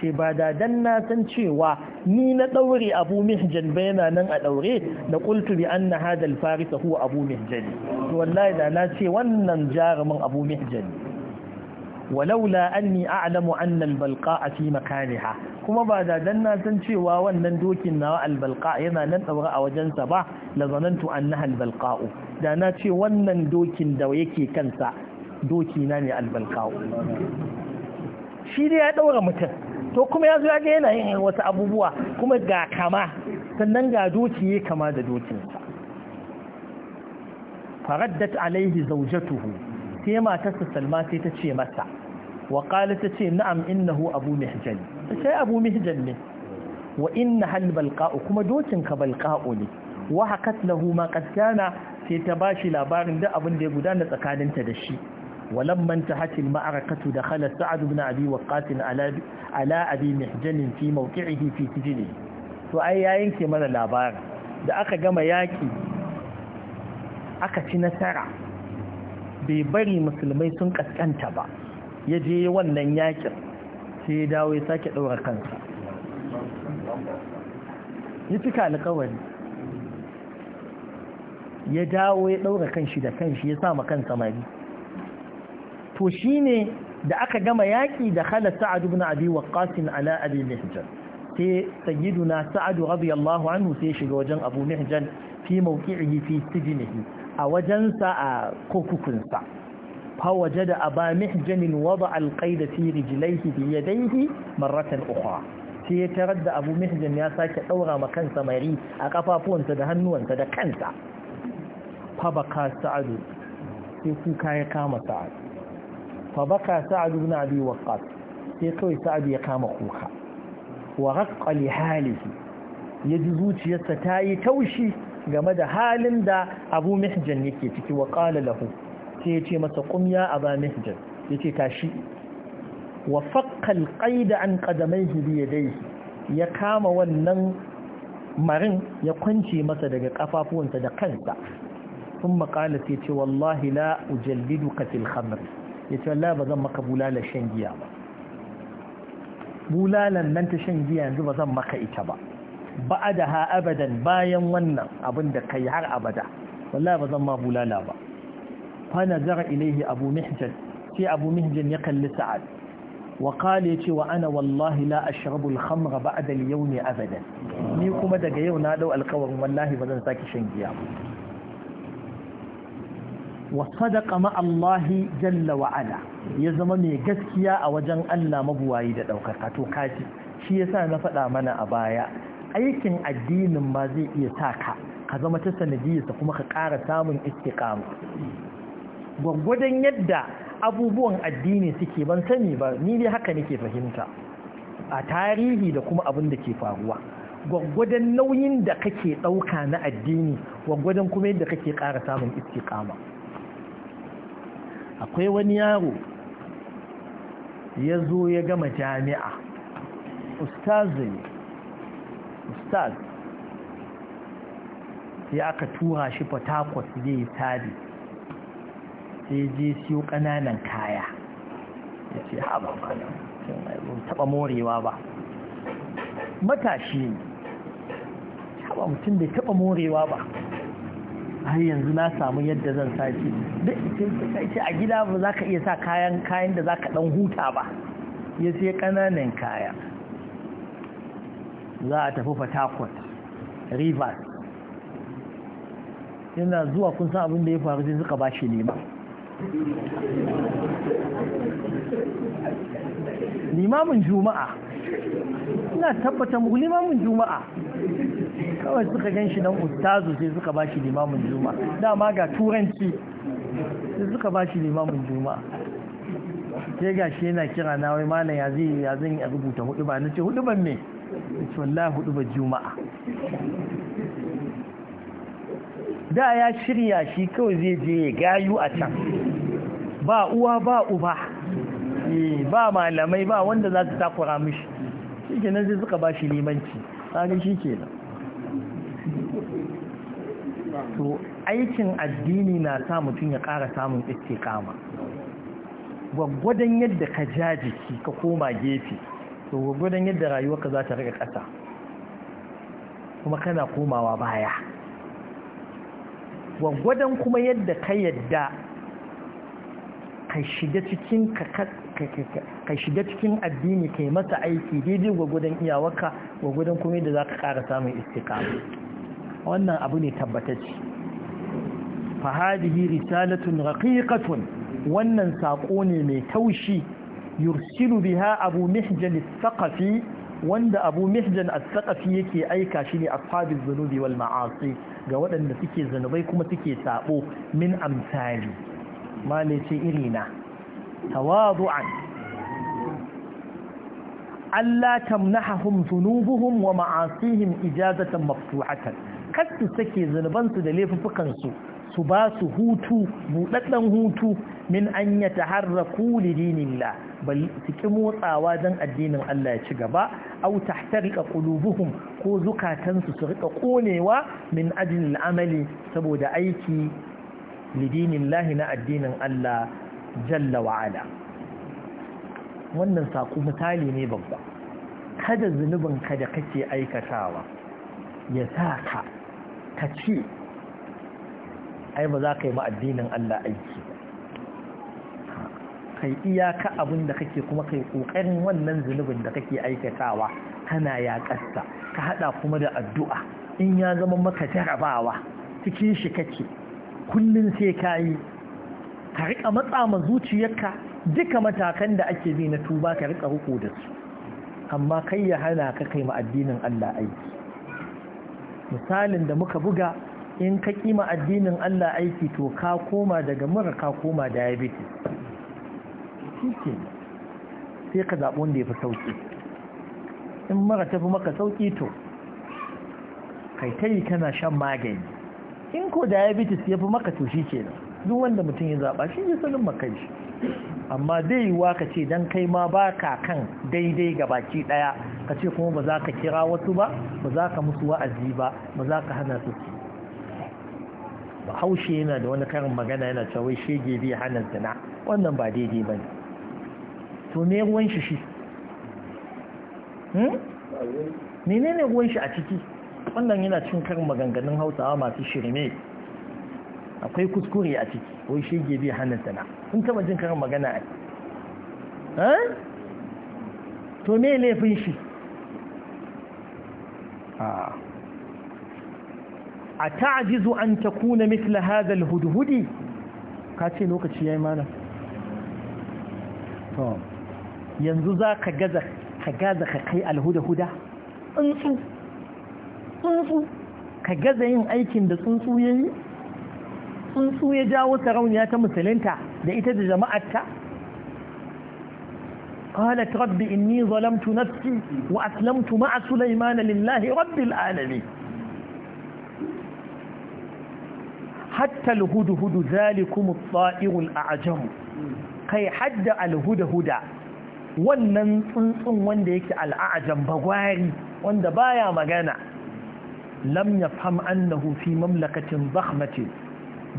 ce ba da dan na san cewa ni na daure abu mihjan ba yana nan a daure da qultu bi anna hadha al huwa abu mihjan to wallahi da na ce wannan jarumin abu mihjan walaula anni a'lamu anna balqa'a fi makaniha kuma ba da dan na san cewa wannan dokin na balqa yana nan tsaura a wajensa ba la zanantu annaha al-balqa da na ce wannan dokin da yake kansa doki na ne al-balqa shi dai ya daura mutum to kuma ya zo ya ga yana yin wasu abubuwa kuma ga kama sannan ga doki ya kama da dokinsa faraddat alaihi zaujatuhu sai matarsa salma sai ta ce masa وقال تتي نعم إنه أبو مهجل تتي أبو مهجل لي وإن هل بلقاء كما دوتن كبلقاء لي وحكت له ما قد كان تتباشي لابارن دا أبن دي قدانة أكادن تدشي ولما انتهت المعركة دخل سعد بن أبي وقات على, على أبي مهجل في موقعه في سجنه فأي ينكي من الأبار da aka gama yaki aka ci nasara bai bari musulmai sun kaskanta ba ya je wannan yakin sai ya dawo ya sake ɗaura kansa ya cika alkawari ya dawo ya ɗaura kanshi da kanshi ya sa makan samari to shi ne da aka gama yaƙi da halar sa'adu na abi wa ƙasin ala abi mihjan sai sayyiduna sa'adu yallahu anhu sai shiga wajen abu mihjan fi mawqi'ihi fi sijnihi a wajensa a kokukunsa فوجد أبا محجن وضع القيد في رجليه بيديه مرة أخرى sai ya tarar da abu mihjin ya sake ɗaura ma kansa mari a ƙafafuwansa da hannuwansa da kansa fabaka sa'adu sai kuka ya kama sa'adu fabaka sa'adu na abi waƙas sai kawai sa'adu ya kama kuka wa raqqa li halihi yaji zuciyarsa ta yi taushi game da halin da abu mihjin yake ciki wa qala sai ya ce masa kumya a ba mihjir ya ce tashi wa fakkal ƙaida an ƙadamai hudu ya dai ya kama wannan marin ya kwance masa daga ƙafafuwansa da kansa sun makala sai ce wallahi la ujallidu duka fil ya ce wallahi ba zan maka bulalar shan giya ba bulalan nan ta shan giya yanzu ba zan maka ita ba da ha abadan bayan wannan abin da kai har abada wallahi ba zan ma bulala ba fana zara ilaihi abu mihjan sai abu mihjan ya kalli sa'ad wa yace ce wa ana wallahi la ashrabul khamra ba'da yau yawm abadan ni kuma daga yau na dau alkawarin wallahi ba zan sake shan giya wa sadaqa ma Allah jalla wa ala ya zama mai gaskiya a wajen Allah mabuwayi da daukar to kaji shi yasa na faɗa mana a baya aikin addinin ma zai iya sa ka ka zama ta sanadiyarsa kuma ka ƙara samun istiqama gwaggwadon yadda abubuwan addini suke ban sani ba ni dai haka nake fahimta a tarihi da kuma abin da ke faruwa gwaggwadon nauyin da kake ɗauka na addini gwaggwadon kuma yadda kake ƙara samun kama akwai wani yaro ya zo ya gama jami'a ustaz ya aka tura shi fatakwas zai yi sai je siyo ƙananan kaya ya ce haɓa ba taɓa morewa ba matashi ne haɓa mutum bai taɓa morewa ba har yanzu na samu yadda zan sace ce a gida ba za ka iya sa kayan kayan da za ka ɗan huta ba ya sai ƙananan kaya za a tafi fatakwat rivers yana zuwa kun san abin da ya faru sai suka ba shi nema limamin juma'a ina tabbatar muku limamin juma'a kawai suka gan shi don ustazu sai suka ba shi limamin juma'a dama ga turanci sai suka ba shi limamin juma'a sai ga shi yana kira na wai malam ya zai ya zan rubuta hudu ba na ce hudu ban ya ce wallahi hudu ba juma'a da ya shirya shi kawai zai je ya gayu a can ba uwa ba uba eh, ba malamai ba wanda za su takura mishi shi ke nan zai suka ba shi limanci tsarin shi ke nan to aikin addini na sa mutum ya kara samun ƙiske kama gwaggwadon yadda ka jajiki ka koma gefe to gwaggwadon yadda rayuwarka za ta riga ƙasa kuma kana komawa baya gwaggwadon kuma yadda ka yadda ka shiga cikin addini ka yi masa aiki daidai gwagwadon iyawarka gwagwadon kuma da za ka kara samun istiƙama wannan abu ne tabbatacce fahadihi risalatun raqiqatun wannan saƙo ne mai taushi yursilu biha abu mihjan al wanda abu mihjan al-thaqafi yake aika shi ne ashabiz zunubi wal ma'asi ga waɗanda suke zanubai kuma suke saɓo min amsali malice irina tawadu'an Allah tamnahahum zunubuhum wa ma'asihim ijazatan maftuhatan kasu take zunubansu da laifukan su ba su hutu buɗaɗɗen hutu min an ya taharraku lidinillah bal su ki motsawa dan addinin Allah ya ci gaba au ka qulubuhum ko zukatansu su rika konewa min ajin al'amali saboda aiki lidinin lahi na addinin Allah jalla wa'ala wannan saƙo misali ne babba kada ka da kake aikatawa ya sa ka ka ce ai ba za ka yi ma'addinin Allah aiki kai iyaka abin da kake kuma kai ƙoƙarin wannan zunubin da kake aikatawa kana ya ƙasta ka haɗa kuma da addu'a in ya zama maka jarabawa cikin shi kake kullum sai ka yi ka riƙa matsa ma zuciyarka duka matakan da ake bi na tuba ka riƙa ruku da su amma kai ya hana ka kai ma addinin Allah aiki misalin da muka buga in ka kima addinin Allah aiki to ka koma daga mura ka koma diabetes Cikin sai ka zaɓi wanda ya fi sauƙi in mara tafi maka sauƙi to kai ta yi kana shan magani in ko diabetes ya fi maka to shi kenan duk wanda mutum ya zaɓa shi ya sanin makai shi amma dai yiwuwa ka ce don kai ma ba ka kan daidai ga baki ɗaya ka ce kuma ba za ka kira wasu ba ba za ka musu wa'azi ba ba za ka hana su bahaushe yana da wani karin magana yana cewa shege bai hana zina wannan ba daidai ba ne to me ruwan shi shi hmm? menene ruwan shi a ciki wannan yana cin karin maganganun hausawa masu shirme akwai kuskure a ciki wai shi ke biya hannun sana sun taba jin karin magana a eh? to me laifin shi ah. a ta'ajizu an ta kuna misla hadal hudhudi ka ce lokaci ya yi mana yanzu za ka gaza ka kai alhuda-huda su tsuntsu ka gaza yin aikin da tsuntsu ya yi tsuntsu ya jawo sarauniya ta musulinta da ita da jama'arta ƙalat rabbi inni zalamtu nafsi wa aslamtu ma a sulaimana lillahi rabbil alami hatta alhudhudu zalikum at-ta'irul a'jam kai hadda alhudhuda wannan tsuntsun wanda yake al'ajam bagwari wanda baya magana lam fam annahu fi mamlakatin mace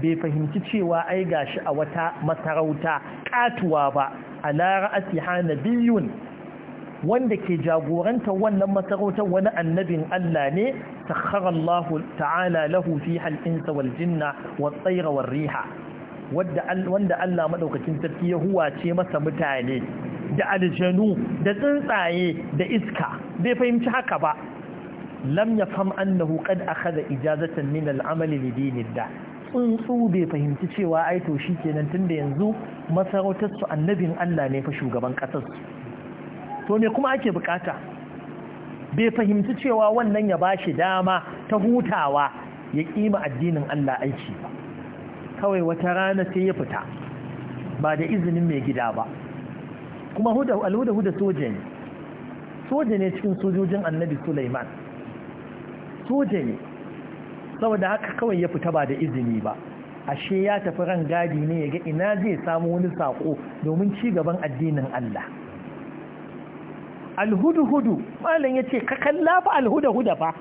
bai fahimci cewa ai gashi a wata masarauta katuwa ba ala ra'ati hanabiyun wanda ke jagoranta wannan masarautar wani annabin Allah ne sakhara Allah ta'ala lahu fi hal insa wal jinna wat tayra war riha wanda Allah madaukakin sarki ya ce masa mutane da aljanu da tsuntsaye da iska bai fahimci haka ba lam ya fam annahu kad akhadha ijazatan min al'amali li dinillah tsuntsu bai fahimci cewa ai to shikenan tunda yanzu masarautar su annabin Allah ne fa shugaban kasar su to me kuma ake bukata bai fahimci cewa wannan ya bashi dama ta hutawa ya kima addinin Allah aiki ba kawai wata rana sai ya fita ba da izinin mai gida ba kuma alhuda huda soja ne soja ne cikin sojojin annabi Sulaiman soja ne saboda haka kawai ya fita ba da izini ba ashe ya tafi ran gadi ne ya ga ina zai samu wani sako domin ci gaban addinin Allah alhudu-hudu malam ya ce ka kalla fa alhuda-huda fa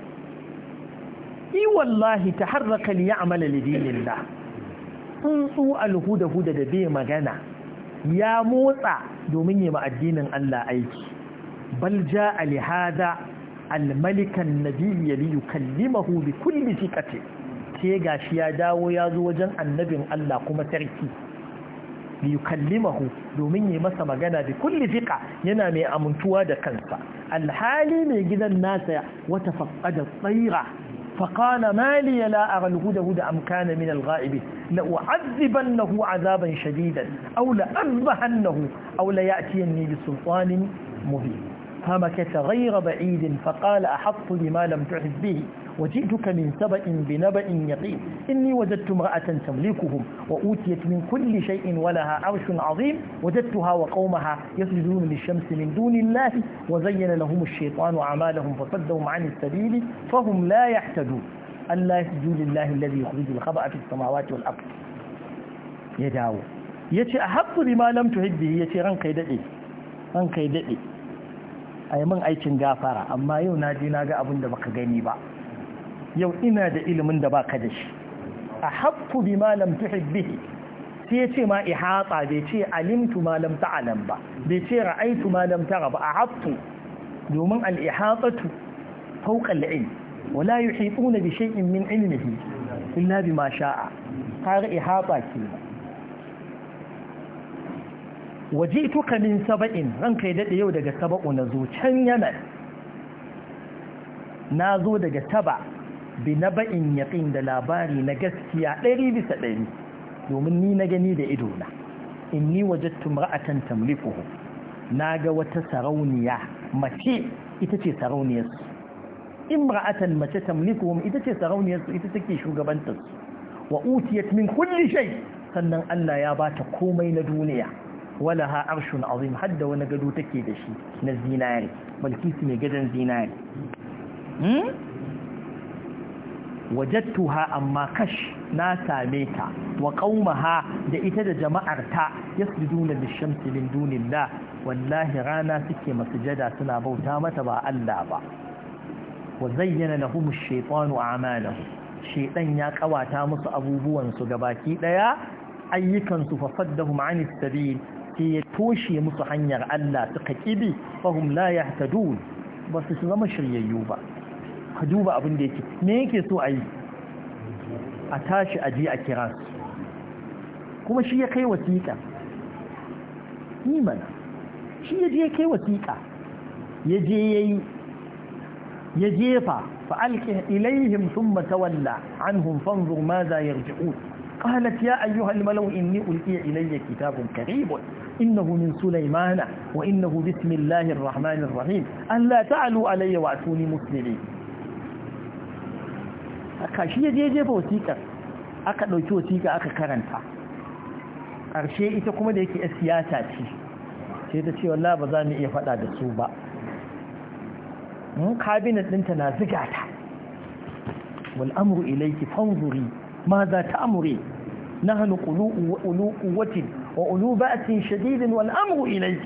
yi wallahi ta harraka liya amala lidinillah tsuntsu alhuda-huda da bai magana ya motsa domin yi ma addinin Allah aiki bal ja alihada almalikan nabiyyi li yukallimahu bi kulli thiqati sai gashi ya dawo ya zo wajen annabin Allah kuma sarki li yukallimahu domin yi masa magana bi kulli thiqa yana mai amintuwa da kansa alhali mai gidan nasa wata faqada tsaira فقال ما لي لا أرى الهدهد أم كان من الغائب لأعذبنه عذابا شديدا أو لأذبحنه أو ليأتيني بسلطان مبين فمكث غير بعيد فقال أحط بما لم تعز به وجئتك من سبأ بنبأ يقين إني وجدت امرأة تملكهم وأوتيت من كل شيء ولها عرش عظيم وجدتها وقومها يسجدون للشمس من دون الله وزين لهم الشيطان أعمالهم فصدهم عن السبيل فهم لا يحتدون ألا يسجدوا لله الذي يخرج الخبأ في السماوات والأرض يداو يتي أحط بما لم تهد به يتي رنقي دئي رنقي دئي a yi min aikin gafara amma yau na je na ga abin da baka gani ba yau ina da ilimin da baka da shi a haƙƙu bi malam tuhib bihi sai ya ce ma ihatsa bai ce alimtu malam ta'alam ba bai ce ra'aitu malam tara ba a haƙƙu domin al-ihatsatu fawqa al-ilm wala yuhituna bi shay'in min ilmihi illa bima sha'a har ke kenan waje tuka min saba'in ranka kai daɗe yau daga saba'u na zo can yanar na zo daga taba bi na ba'in yaƙin da labari na gaskiya ɗari bisa ɗari domin ni na gani da na, in ni waje tumra'atan tamlikuhu na ga wata sarauniya mace ita ce sarauniyarsu imra'atan mace tamlikuhum ita ce sarauniyarsu ita take shugabantarsu wa utiyat min kulli shay sannan Allah ya bata komai na duniya walaha arshun azim hadda wani gado take da shi na zinari balkisu mai gadon zinari hmm? ha amma kash na same ta wa qaumaha da ita da jama'ar ta yasjuduna lishamsi min dunillah wallahi rana suke masujada suna bauta mata ba Allah ba wa zayyana lahum ash a a'malahum shaytan ya kawata musu abubuwan su gabaki daya ayyukan su fasaddahum ce ya toshe musu hanyar Allah suka kibi fahim laye ta dole ba su zama shiryayyu ba ka duba abin da yake ne yake so a a tashi aji a kira su kuma shi ya kai wasiƙa iman shi ya je ya kai wasiƙa ya je ya yi ya jefa fa’alƙi ilayhim sun matawalla an hunfan zurma za ya rikiku ƙalat ya ayyuhal malau inni ulƙiya ilayya kitabun karibun innahu min sulaimana wa innahu bismillahir rahmanir Allah ta'alu alayya wa atuni muslimin aka shi ya jeje ba wasiƙar aka ɗauki wasiƙa aka karanta ƙarshe ita kuma da yake siyasa ce sai ta ce wallah ba za mu iya faɗa da su ba mun kabinet ɗinta na zigata. ta wal'amuru ilaiki fanzuri ma za ta amure na hannu ƙulu'uwatin وأولو بأس شديد والأمر ma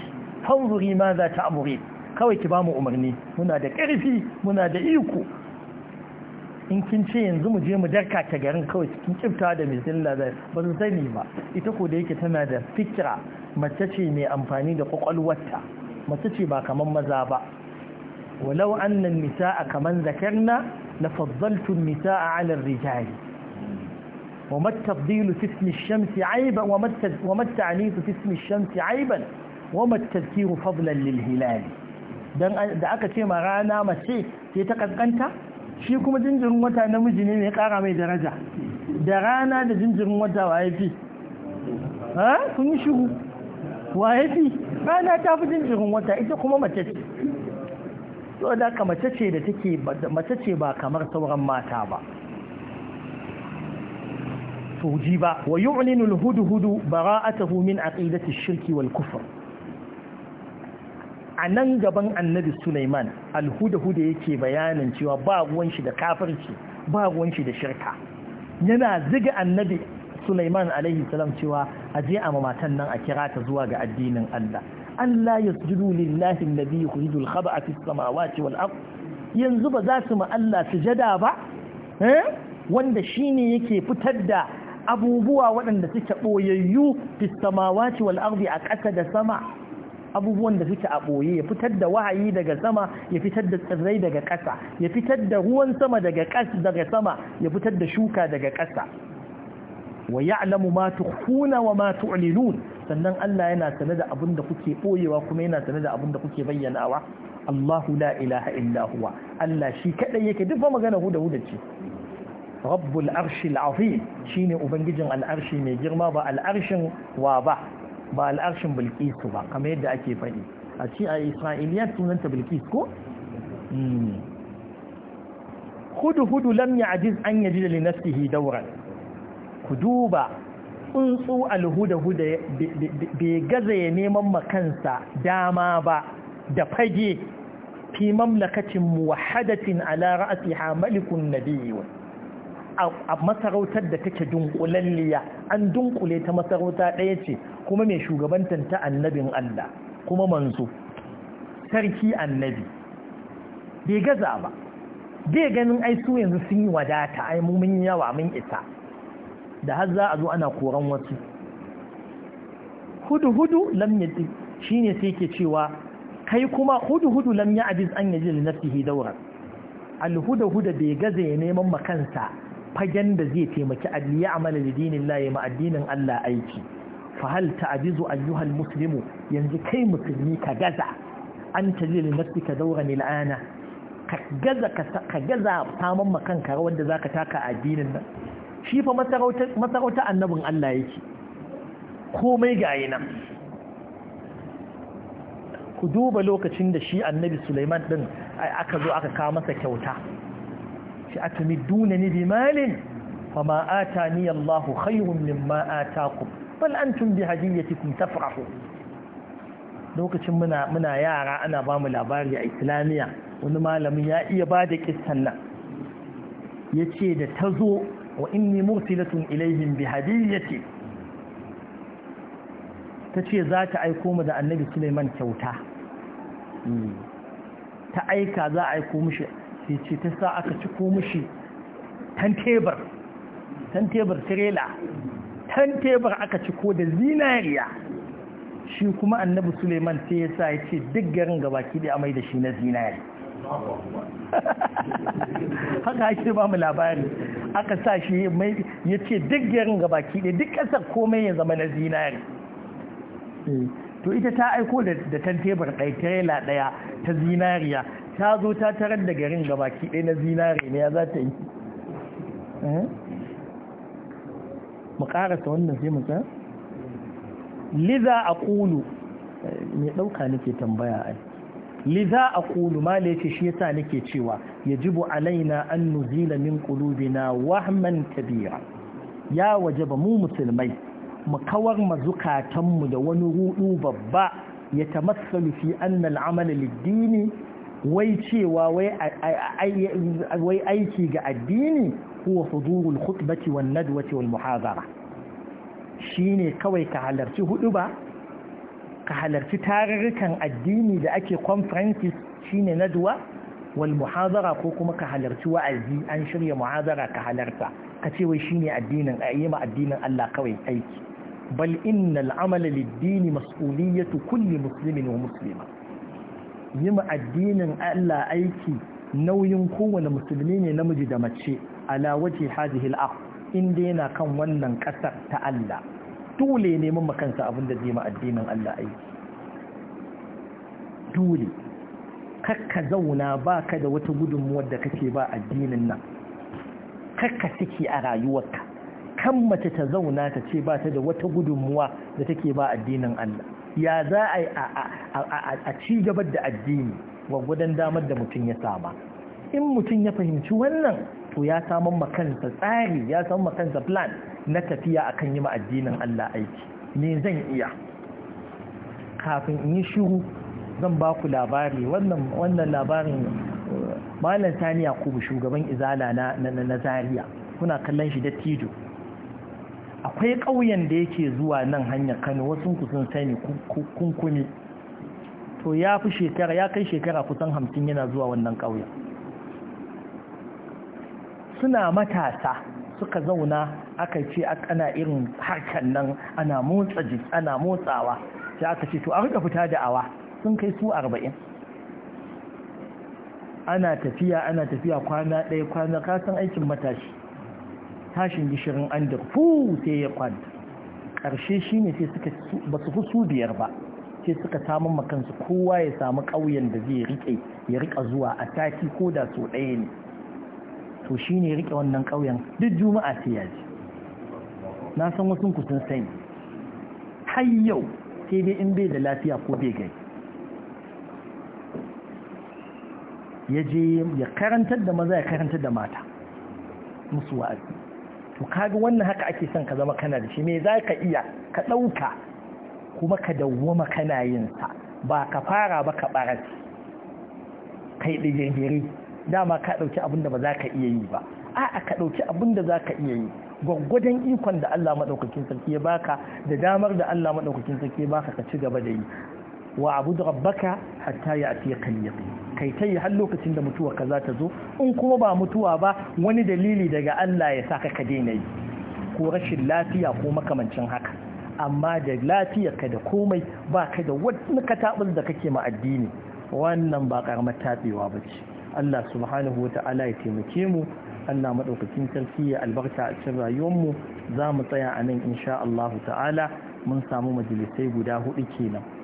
فانظري ماذا تأمرين kawai ki bamu umarni muna da ƙarfi muna da iko in kin ce yanzu mu je mu darka ta garin kawai cikin kifta da mizilla da ba zan sani ba ita ko da yake tana da fikira mace ce mai amfani da kwakwalwarta mace ce ba kamar maza ba walau annan nisa'a kaman zakarna la faddaltu nisa'a ala rijali وما التفضيل في اسم الشمس عيبا وما التعنيف في اسم الشمس عيبا وما التذكير فضلا للهلال dan da aka ce ma rana mace sai ta kankanta shi kuma jinjirin wata namiji ne ya kara mai daraja da rana da jinjirin wata wa fi? ha sun yi shiru wa fi? rana ta fi jinjirin wata ita kuma mace ce to da ka mace ce da take mace ce ba kamar sauran mata ba toji ba wa yu'linu al-hudhudu bara'atahu min aqidati ash-shirk wal kufr anan gaban annabi Sulaiman al-hudhudu yake bayanin cewa ba ruwan shi da kafirci ba ruwan shi da shirka yana ziga annabi Sulaiman alayhi salam cewa aje a mamatan nan a kira ta zuwa ga addinin Allah Allah yasjudu lillahi alladhi yukhrijul khaba'a fis samawati wal ardh yanzu ba za su ma Allah sujada ba eh? wanda shine yake fitar da abubuwa waɗanda suke ɓoyayyu fistamawati wal arbi a ƙasa da sama abubuwan da suke a ɓoye ya fitar da wahayi daga sama ya fitar da tsirrai daga ƙasa ya fitar da ruwan sama daga ƙasa daga sama ya fitar da shuka daga ƙasa wa ya'lamu ma tukhfuna wa ma tu'linun sannan Allah yana sanar da abin da kuke ɓoyewa kuma yana sanar da abin da kuke bayyanawa Allahu la ilaha illa huwa Allah shi kadai yake duk magana huda huda ce rabbul arshi al'azim shine ubangijin al'arshi mai girma ba al'arshin wa ba ba al'arshin bilkisu ba kamar yadda ake faɗi a ci a isra'iliyar sunanta bilkis ko hmm. hudu hudu lam ya'jiz an yajida li nafsihi dauran ku duba tsuntsu alhuda huda bai gaza ya neman makansa dama ba da fage fi mamlakatin muwahadatin ala ra'atiha malikun nabiyyu a masarautar da take dunkulalliya an dunkule ta masarauta ɗaya ce kuma mai shugabantar ta annabin Allah kuma manzo sarki annabi bai gaza ba bai ganin ai su yanzu sun yi wadata ai mu mun yawa mun isa da har za a zo ana koran wasu hudu hudu lam yadi shine sai yake cewa kai kuma hudu hudu lam ya'jiz an yaji li nafsihi dawran al huda huda bai gaza ya neman makansa fagen da zai taimaki adliya amala da dinin laye ma addinin Allah aiki fahal ta'ajizu ayyuhal muslimu yanzu kai musulmi ka gaza an ka daura ni la'ana. ka gaza ka gaza faman makan ka wanda zaka taka addinin nan shi fa masarauta annabin Allah yake komai ga yana ku duba lokacin da shi annabi Sulaiman din aka zo aka kawo masa kyauta ce a tumi dunani bi malin fama atani Allahu khayrun mimma atakum bal antum bi hadiyatikum tafrahu lokacin muna muna yara ana ba mu labari a islamiyya wani malamin ya iya ba da kissan nan yace da tazo wa inni mursilatun ilaihim bi hadiyati tace za ta aiko mu da annabi Sulaiman kyauta ta aika za a aiko mishi ce ce ta sa aka ko mushi tantebar tantebar tirela tantebar aka ci ko da zinariya shi kuma annabi suleiman sai ya sa ya ce duk garin gabaki da amai da shi na zinari haka ake ba mu labari aka sa shi ya ce duk garin gabaki da duk ƙasar komai ya zama na zinari eh, to ita ta aiko da tantebur ɗaya tirela ɗaya ta zinariya ta zo ta tarar da garin baki ɗaya na zinare ne ya za ta yi eh? mu ƙarasa wannan sai mu san liza a ƙulu eh, mai ɗauka nake tambaya ai liza a ƙulu ma yake shi yasa nake cewa ya jibu alaina an nuzila min na wahman Tabira ya waje ba mu musulmai mu kawar ma zukatanmu da wani ruɗu babba ya tamassalu fi annal amala liddini wai cewa wai aiki ga addini kuwa fuzurul khutbati wan nadwati wal muhazara shine kawai ka halarci hudu ba ka halarci tarurrukan addini da ake conferences shine nadwa wal muhazara ko kuma ka halarci wa'azi an shirya muhazara ka halarta ka ce wai shine addinin ayyama addinin Allah kawai aiki bal innal amala lid mas'uliyatu kulli muslimin wa muslimah yi ma addinin Allah aiki nauyin kowane musulmi ne namiji da mace ala Haji, hadihil aq inda yana kan wannan kasar ta Allah dole ne mun makansa abin da zai ma addinin Allah aiki dole kakka zauna baka da wata gudunmuwar da kake ba addinin nan kakka siki a rayuwarka kan mace ta zauna ta ce ba ta da wata gudunmuwa da take ba addinin Allah ya za a yi a ci gabar da addini gwaggwadon damar da mutum ya sama in mutum ya fahimci wannan to ya samun makansa tsari ya samun makansa plan na tafiya akan yi addinin Allah aiki ne zan iya kafin in yi shiru zan ba ku labari wannan labarin malam saniya kubu shugaban izala na zariya kuna kallon shi da tijo akwai ƙauyen da yake zuwa nan hanyar kano wasu kusan sani kunkuni to ya fi shekara ya kai shekara kusan hamsin yana zuwa wannan ƙauyen suna matasa suka zauna aka ce ana irin harkar nan ana motsa jiki ana motsawa sai aka ce to a rika fita da awa sun kai su arba'in ana tafiya ana tafiya kwana ɗaya kwana kasan aikin matashi tashin gishirin an da fu sai ya kwanta ƙarshe shi ne sai suka ba su fusu biyar ba sai suka samun makansu kowa ya samu ƙauyen da zai riƙe ya riƙa zuwa a taki ko da so ɗaya ne to shi ne riƙe wannan ƙauyen duk juma'a sai ya ji na san wasu kusan sani har yau sai dai in bai da lafiya ko bai gai ya je ya karantar da maza ya karantar da mata musu wa'azi to kaga wannan haka ake son ka zama kana da shi me za ka iya ka ɗauka kuma ka dawwama kana yin sa ba ka fara ba ka ɓarar kai jirgiri dama ka ɗauki abin da ba za ka iya yi ba a'a ka ɗauki abin da za ka iya yi gwaggwadon ikon da Allah maɗaukakin sarki ya baka da damar da Allah maɗaukakin sarki ya baka ka ci gaba da yi wa abu da rabbaka hatta ya atiya kan kai yi har lokacin da mutuwa ka za ta zo in kuma ba mutuwa ba wani dalili daga Allah ya saka ka daina yi ko rashin lafiya ko makamancin haka amma da lafiyarka da komai ba ka da wani katabar da kake ma addini wannan ba karamar tabewa ba ce Allah subhanahu wa ta'ala ya taimake mu Allah maɗaukacin sarki ya albarka a cikin rayuwarmu za mu tsaya a nan insha Allah ta'ala mun samu majalisai guda hudu kenan